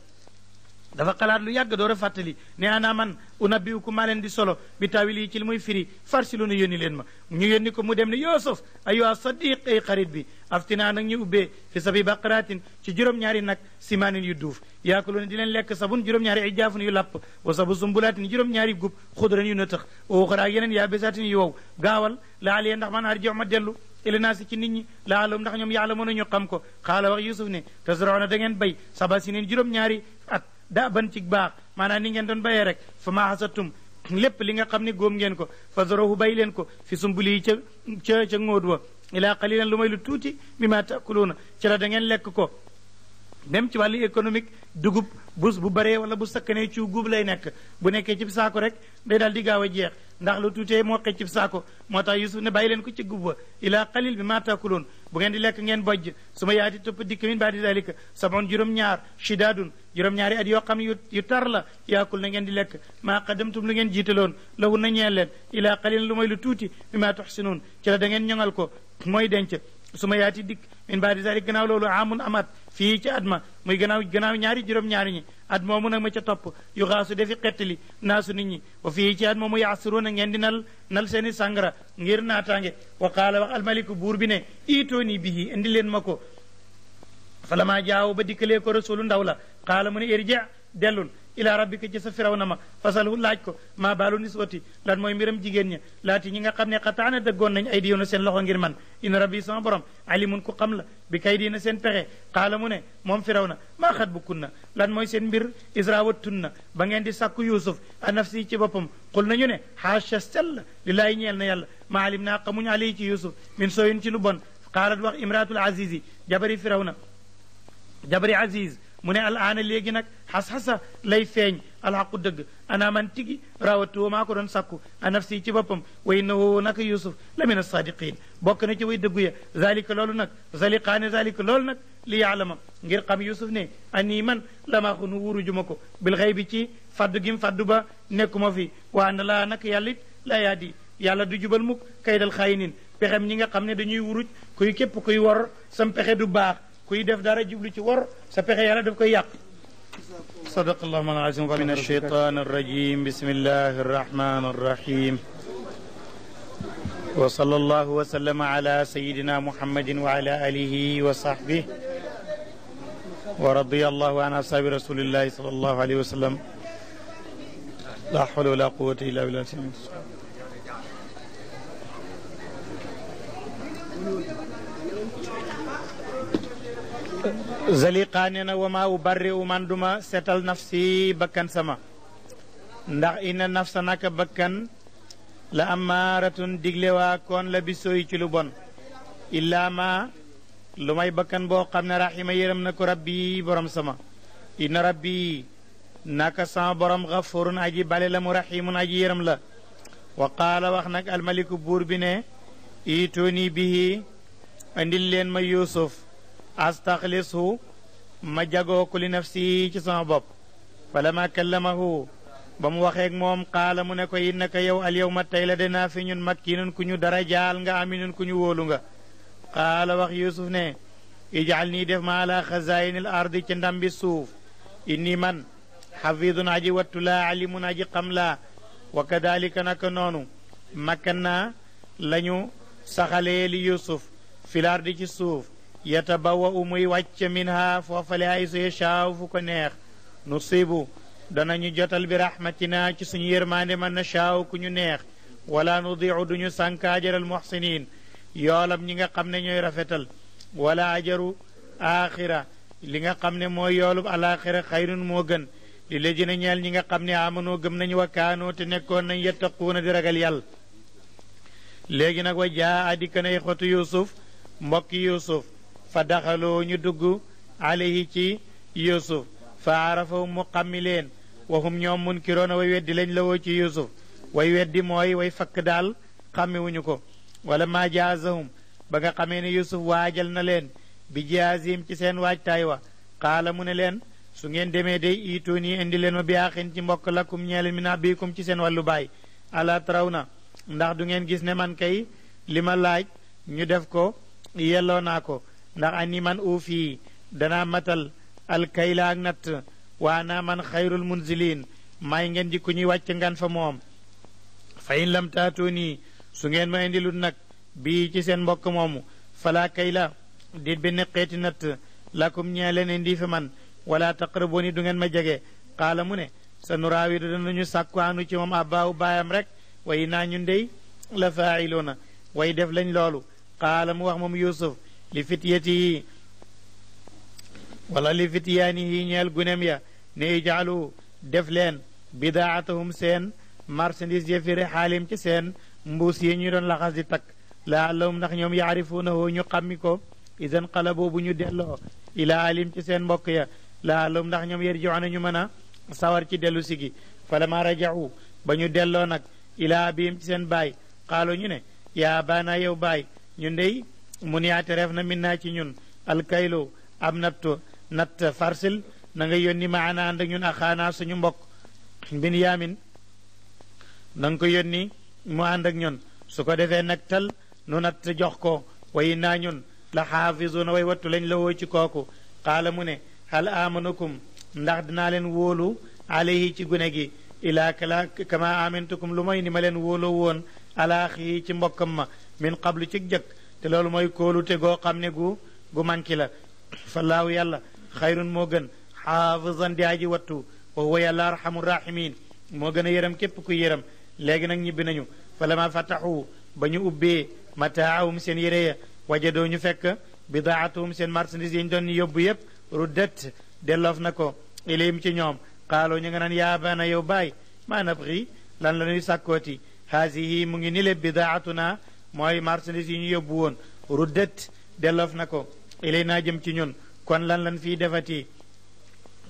dafa xalaat lu yàgg door a fàttali ne ana man unabbiukum maa leen di solo bi taawili ci li muy firi farsilu na yónni leen ma ñu yónni ko mu dem ne yoosuf ayowa sadiq ay xarit bi aftinaa nag ñu ubbee fi sabi baqaratin ci juróom-ñaari nag simaanin yu duuf yaakulu ne di leen lekk sabun juróom-ñaari ay jaafun yu làpp wa sabu sumbulaatin juróom-ñaari gub xudran yu nëtëx ooxara ak yeneen yaa besaatin yu wow gaawal la aliya ndax man arjo ma dellu ilinaasi ci nit ñi laalum ndax ñoom yàlla mën ñu xam ko xaala wax yusuf ne tasraona da ngeen bay saba juróom-ñaari at daa ban ci baax maanaam ni ngeen doon béyee rek fa maa hasatum lépp li nga xam ne góom ngeen ko fazrohu bay leen ko fi sumbuli ca ca ca ngóod wa ilaa qalilan lu may lu tuuti bi ma taakuluuna ci la da ngeen lekk ko même ci wàllu économique dugub bu bu baree wala bu sakkanee ci guub lay nekk bu nekkee ci saako rek day daal di gaaw a jeex ndax lu tuutee moo xëy cib saako moo tax Yusuf ne bàyyi leen ko ci guub ba ilaa qalil bi maa taakuloon bu ngeen di lekk ngeen bojj su ma yaati topp dikk min baa di dalika saboon juróom-ñaar shidaadun juróom-ñaari at yoo xam yu tar la yaakul na ngeen di lekk maa qadamtum lu ngeen jiitaloon lahu na ñeel leen ilaa qalil lu mooy lu tuuti bi maa tuxsinuun ci da ngeen ñoŋal ko mooy denc su ma yaati dikk min baadi zalik gannaaw loolu amun amat fii ci at ma muy gannaaw gannaaw ñaari juróom-ñaari ñi at moomu nag ma ca topp yu xaasu defi xett xettali naasu nit ñi wa fii ci at moomu nag ngeen di nal nal seen i sàngara ngir naataange wa qaala wax almaliku buur bi ne iitoo iitooni bihi indi leen ma ko fa la maa jaawu ba dikkalee ko rasulu ndaw la qaala mu ne irji dellul ila rabbika ci sa firaw na ma fasalhu laaj ko maa baalu niswati lan mooy mbiram jigéen ña laati ñi nga xam ne xataana dëggoon nañ ay diyoona seen loxo ngir man in rabbi sama borom alimun ku xam la bi kay diina seen pexe xaala mu ne moom firaw na maa xat bu kunna lan mooy seen mbir israawatun na ba ngeen di sàkku yusuf a nafsi ci boppam xul nañu ne xaasha sell lillaay ñeel na yàlla ma alim naa xamuñ ali ci yusuf min sooyun ci lu bon xaalat wax imraatul azizi jabari firaw na jabari aziz mu ne al aana léegi nag xas-xasa lay feeñ alxaqu dëgg ana man tigi raawatu maa ko doon sàkku a nafsi ci boppam way na woo naka yusuf la min assaadiqin bokk na ci way dëggu ya zalika loolu nag zaliqaane zalika loolu nag li yaalama ngir xam yusuf ne ani man lama xunu wurujuma ko bil xëy bi ci faddu gim faddu ba nekkuma fi waa na laa nag yàllit la yaa di yàlla du jubal mukk kaydal xaayinin pexem ñi nga xam ne dañuy wuruj kuy képp kuy wor sam pexe du baax kuy def dara jublu ci wor sa pexe yàlla daf صدق الله من العظيم من الشيطان الرجيم بسم الله الرحمن الرحيم وصلى الله وسلم على سيدنا محمد وعلى آله وصحبه ورضي الله عن أصحاب رسول الله صلى الله عليه وسلم لا حول ولا قوة إلا بالله zaliqa nee na wama ubarri'u man duma seetal nafsi bakkan sama ndax inna nafsa naka bakkan la amaaratun digle waa koon la bisoy ci illaa ma lu bakkan boo xam ne raxima yërëm na ko rabbi borom sama inna rabbi naka sama borom xafurun aji bale la mu raximun aji yërëm la wa qaala wax nag almaliku buur bi ne iitooni bihi andil leen ma yuusuf astaxlisu ma jagoo ko li nafsi ci sama bopp falamma kallamahu ba mu waxeeg moom xaala mu ne ko innaka yow al yawma tey la dinaa fi ñun makkiinun ku ñu dara jaal nga aminun ku ñu wóolu nga xaala wax yuusuf ne ijaal nii def ma ala xazaayinil ardi ci ndam bi suuf inni man xafidun aji wattu laa na aji xam laa wa kadalika naka noonu makkan naa la ñu yuusuf fil ci suuf yatabawa u muy wàcc minha foofale haysu yashaaw fu ko neex nusibu danañu jotal bi rahmatina ci suñu yërmaande man nashaaw ku ñu neex wala nudiicu duñu sànk ajaral muxsinin yoolam ñi nga xam ne ñooy rafetal wala ajaru aaxira li nga xam ne mooy yoolub alaaxira xayrun moo gën li léjina ñeel ñi nga xam ne amanoo gëm nañu wa kaanoo te nekkoon nañ yettaquuna di ragal yàlla léegi nag wa jaa adikkanay xotu yusuf mbokki yusuf fa daxaloo ñu dugg alayhi ci yusuf fa arafahum mu xammi leen waxum ñoom munkiroona way weddi lañ la woo ci yusuf way weddi mooy way fakk daal xàmmiwuñu ko wala maa jaazahum ba nga xamee ne yusuf waajal na leen bi jaazim ci seen waajtaay wa xaala mu ne leen su ngeen demee day iituuni indi leen ma bi aaxin ci mbokk lakkum ñeelen min abikum ci seen wàllu baay ala taraw na ndax du ngeen gis ne man kay li ma laaj ñu def ko yelloo naa ko ndax anni man uufi danaa matal alkayla ak natt waana man xayrul munzilin may ngeen ji ku ñuy wàcc ngan fa moom fa in lam taatoo nii su ngeen ma indilul nag bii ci seen mbokk moomu falaa kayla dit benn xeeti natt lakum ñee leen indi fi man wala taqrabuni du ngeen ma jege xaala mu ne sa nuraawidu danañu sàkkuwaanu ci moom abbaawu baayam rek way naa ñun ndey la faa'iluuna way def lañ loolu xaala mu wax moom yusuf lifit li fityatihi wala li fityaanihi ñeel gunem ya ne ijaalu def leen bidaatahum seen marchandise ya fi rixaalim ci seen mbuus yi ñu doon laxas di takk laallahum ndax ñoom yaarifuunahu ñu xammi ko idan qalaboo bu ñu delloo ila alim ci seen mbokk ya laallahum ndax ñoom yarjiuna ñu mën a sawar ci dellu sigi falama rajau ba ñu delloo nag ila abihim ci seen baay xaalo ñu ne yaa baanaa yow baay ñu ndey mu niyaate ref na min naa ci ñun alkaylo am nattu natt farsil na nga yónni maana ànd ñun axaanaa suñu mbokk bin yaamin na nga ko yónni mu ànd ñun su ko defee nag tal nu natt jox ko way naa ñun la xaafizuuna way wattu lañ la woo ci kooku qaala mu ne hal amanukum ndax dinaa leen wóolu alayhi ci gune gi ilaa kala kama amintukum lu may ma leen wóoloo woon alaaxi ci mbokkam ma min xablu ci jëkk te loolu mooy kóolute goo xam ne gu gu manki la fa laahu yàlla xayrun moo gën xaafisan di aji wattu wa huwa yàlla arxamu rahimin moo gën a yërëm képp ku yërëm léegi nag ñibbi nañu fa lama fataxu ba ñu ubbee mataahum seen yére ya wajadoo ñu fekk bidaatuhum seen marchandise yi ñu doon yóbbu yépp ruddat delloof na ko ilayhim ci ñoom xaaloo ñu nga naan yaabana yow baay maa nabxi lan la ñuy sàkkooti haasihi mu ngi nile bidaatuna mooy marchandise yi ñu yóbbu woon ruddat delloof na ko ilay naa jëm ci ñun kon lan lan fii defati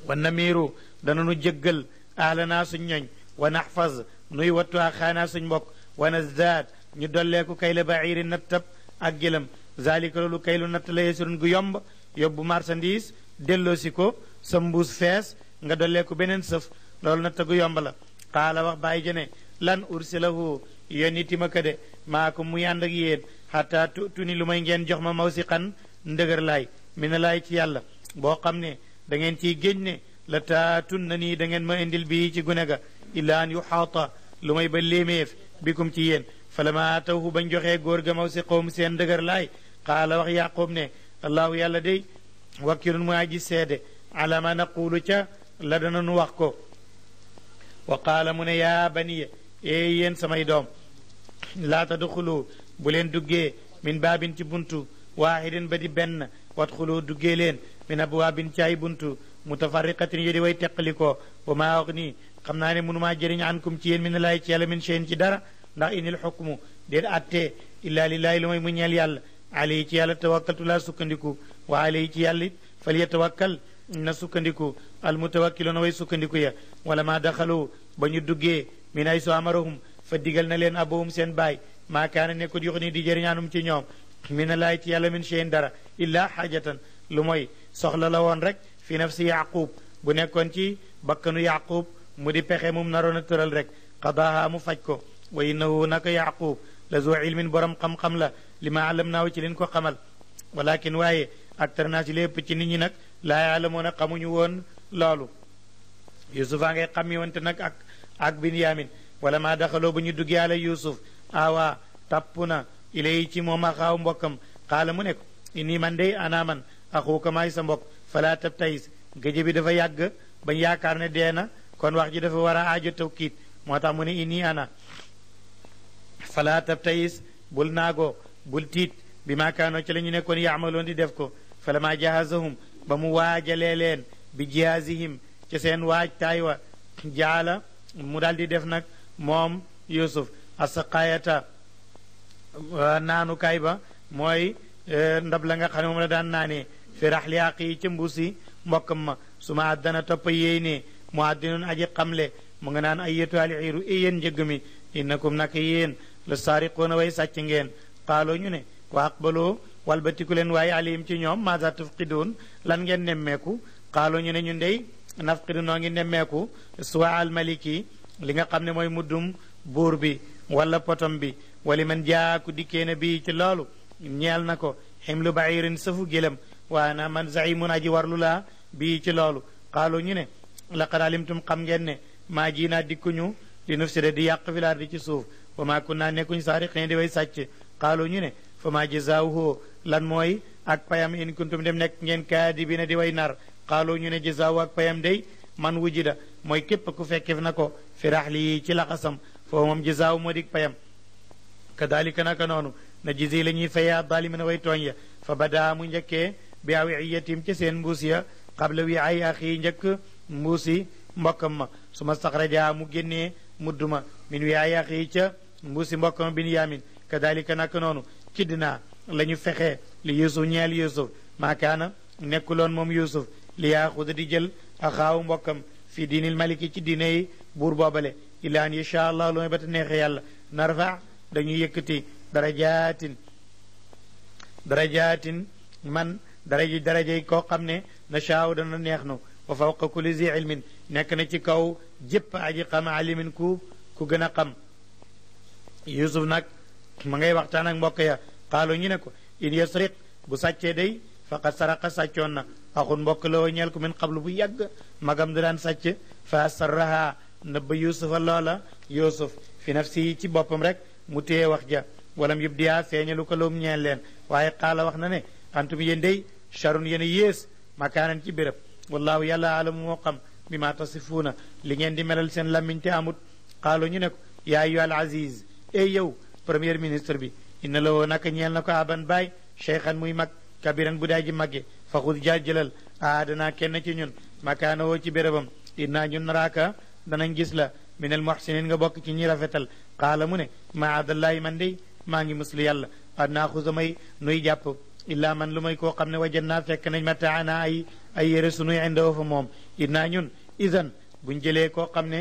wa namiiru dananu jëggal ahlanaa suñ ñoñ wa nax fas nuy wattuwaa xaanaa suñ mbokk wa nazdaad ñu dolleeku kayla baciiri nattab ak gëlëm zalika loolu kaylu natt la yesurun gu yomb yóbbu marchandise delloosi ko sa mbuus fees nga dolleeku beneen sëf loolu natt yomb la qaala wax bàyyi jëne lan ursilahu yéen ti ma ko de maa ko muy ànd ak yéen xataa tu ni lu may ngeen jox ma mawsiqan ndëgër laay mi na laay ci yàlla boo xam ne da ngeen ciy géñ ne la taatun na nii da ngeen ma indil bii ci gune ga illaa an yuxaata lu may ba bi bikum ci yéen falama atawhu bañ joxee góor ga mawsiqahum seen ndëgër laay qaala wax yaqub ne allahu yàlla day wakkilun mu aji seede ala naqulu ca la nu wax ko wa qaala mu ne yaa baniya ee yéen samay doom laa tadxulu bu leen duggee min baabin ci buntu waahidin ba di benn wadxulu duggee leen min abwaabin ci ay buntu mutafarriqatin yi di way teqalikoo wa maa wax nii xam naa ne mënumaa jëriñ ankum ci yéen min laay ci yàlla min shay'in ci dara ndax inil xukmu déet attee illaa lillaahi lu may mu ñeel yàlla alayhi ci yàlla tawakkaltu laa sukkandiku wa alayhi ci yàlla fal yatawakkal na sukkandiku al mutawakkiluuna way sukkandiku ya wala maa daxalu ba ñu duggee min ay so fa digal na leen abawum seen baay maakaana nekkut yox ni di jëriñaanum ci ñoom mi na laay ci yàlla min cheyin dara illaa xaajatan lu moy soxla la woon rek fi nafsi yaqub bu nekkoon ci bakkanu yaqub mu di pexe mum naroon a tëral rek qadaaha mu faj ko wa innahu naka yaqub la zoo ilmin borom xam-xam la lima ma alam naaw ci leen ko xamal walakin waaye aktar naa ci lépp ci nit ñi nag laa yaalamoon a xamuñu woon loolu yusufa ngay xami wante nag ak ak binyamin wala maa daxaloo ba ñu dugg yàlla yuusuf aawaa tapp na ilay ci moom a xaaw mbokkam xaala mu ne ko man dey anaa man axuuka maay sa mbokk falaa tab tayis géje bi dafa yàgg bañ yaakaar ne dee na kon wax ji dafa war a aajo tawkiit moo tax mu ne inni ana falaa tayis bul naagoo bul tiit bi maa kaanoo ci la ñu nekkoon yaamaloon di def ko fala maa jahazahum ba mu waajalee leen bi jihaazihim ci seen waaj taay jaala mu daal di def nag moom yusuf asaqayata naanukaay ba mooy e, ndab la nga xam ne moom la daan naanee fi raxliyaaq yi ca mbuusi mbokkam ma su ma àddana topp yéy ne mu àddinoon aji xamle mu nga naan ay yetuwaali xiiru iyéen njëgg mi innakum naka yéen la saariqoona way sàcc ngeen xaaloo ñu ne wa aqbaloo walbatiku leen waaye alihim ci ñoom maza tafqidoon lan ngeen nemmeeku xaaloo ñu ne ñu ndey nafqidu noo ngi nemmeeku suwa almaliki li nga xam ne mooy muddum buur bi wala potom bi wali man jaaku dikkee na bii ci loolu ñeel na ko ximlu bahirin safu gélem waa na man zayimun aji warlu laa bii ci loolu xaalu ñu ne laqad alimtum xam ngeen ne maa ji naa dikkuñu li nufsida di yàq filaar di ci suuf wa maa kun nekkuñu nekkuñ saariqin di way sàcc xaalu ñu ne fa maa jazaawuhu lan mooy ak payam in kuntum dem nekk ngeen kaadibiina di way nar xaalu ñu ne ji jazaawu ak payam dey man wujida mooy képp ku fekkef na ko firax lii ci laxasam foofu moom jisaaw moo dig payam kadalika naka noonu na jisi la ñuy fayaa dalimina way tooñ ya fa badaa mu njëkkee bi awiyatim ci seen mbuus ya xabla wi ay axi njëkk mbuusi mbokkam ma su ma saxrajaa mu génnee mudduma min wi ay axi ca mbuusi mbokkam bin yaamin kadalika naka noonu ci dinaa la ñu fexee li yusuf ñeel yusuf maakaana nekkuloon yusuf li yaa xuda di jël axaawu mbokkam fi diinil maliki ci diine yi buur boobale ilaan insha allah lu may ba ta neexe yàlla narfa dañu yëkkati darajaatin darajaatin man daraji darajay koo xam ne na shaaw dana neex na wa fawqa kulli zi ilmin nekk na ci kaw jëpp aji xam alimin ku ku gën a xam yusuf nag ma ngay waxtaan ak mbokk ya xaalu ñu ne ko in yasriq bu sàccee day faqad saraqa sàccoon na axun mbokk la woo ñeel ko min xablu bu yàgg magam da daan sàcc fa sarraha nëbba yusufa loola yusuf fi nafsi ci boppam rek mu téye wax ja walam yub diyaa feeñalu ko lawum ñeel leen waaye xaala wax na ne antum yéen dey charun yéen a yées makaanan ci béréb wallaahu yàlla alamu moo xam bi ma tasifuuna li ngeen di melal seen làmmiñ te amut xaalo ñu ne ko yaa ayu al aziz ey yow premier ministre bi inna la woo naka ñeel na ko aban baay cheikhan muy mag kabiran bu daay ji magge faxud jajjalal adana kenn ci ñun makaanoo ci bérébam innaa ñun raka dana gis la min al muhsinin nga bok ci ñi rafetal qala muné ne maadallaahi man dey maa ngi musli yalla an naaxusa may nuy jàpp illaa man lumay ko xamne xam fek wajan naa fekk nañ mataana ay ay yére sunuy indawo mom moom ñun izan buñ jëlee ko xamne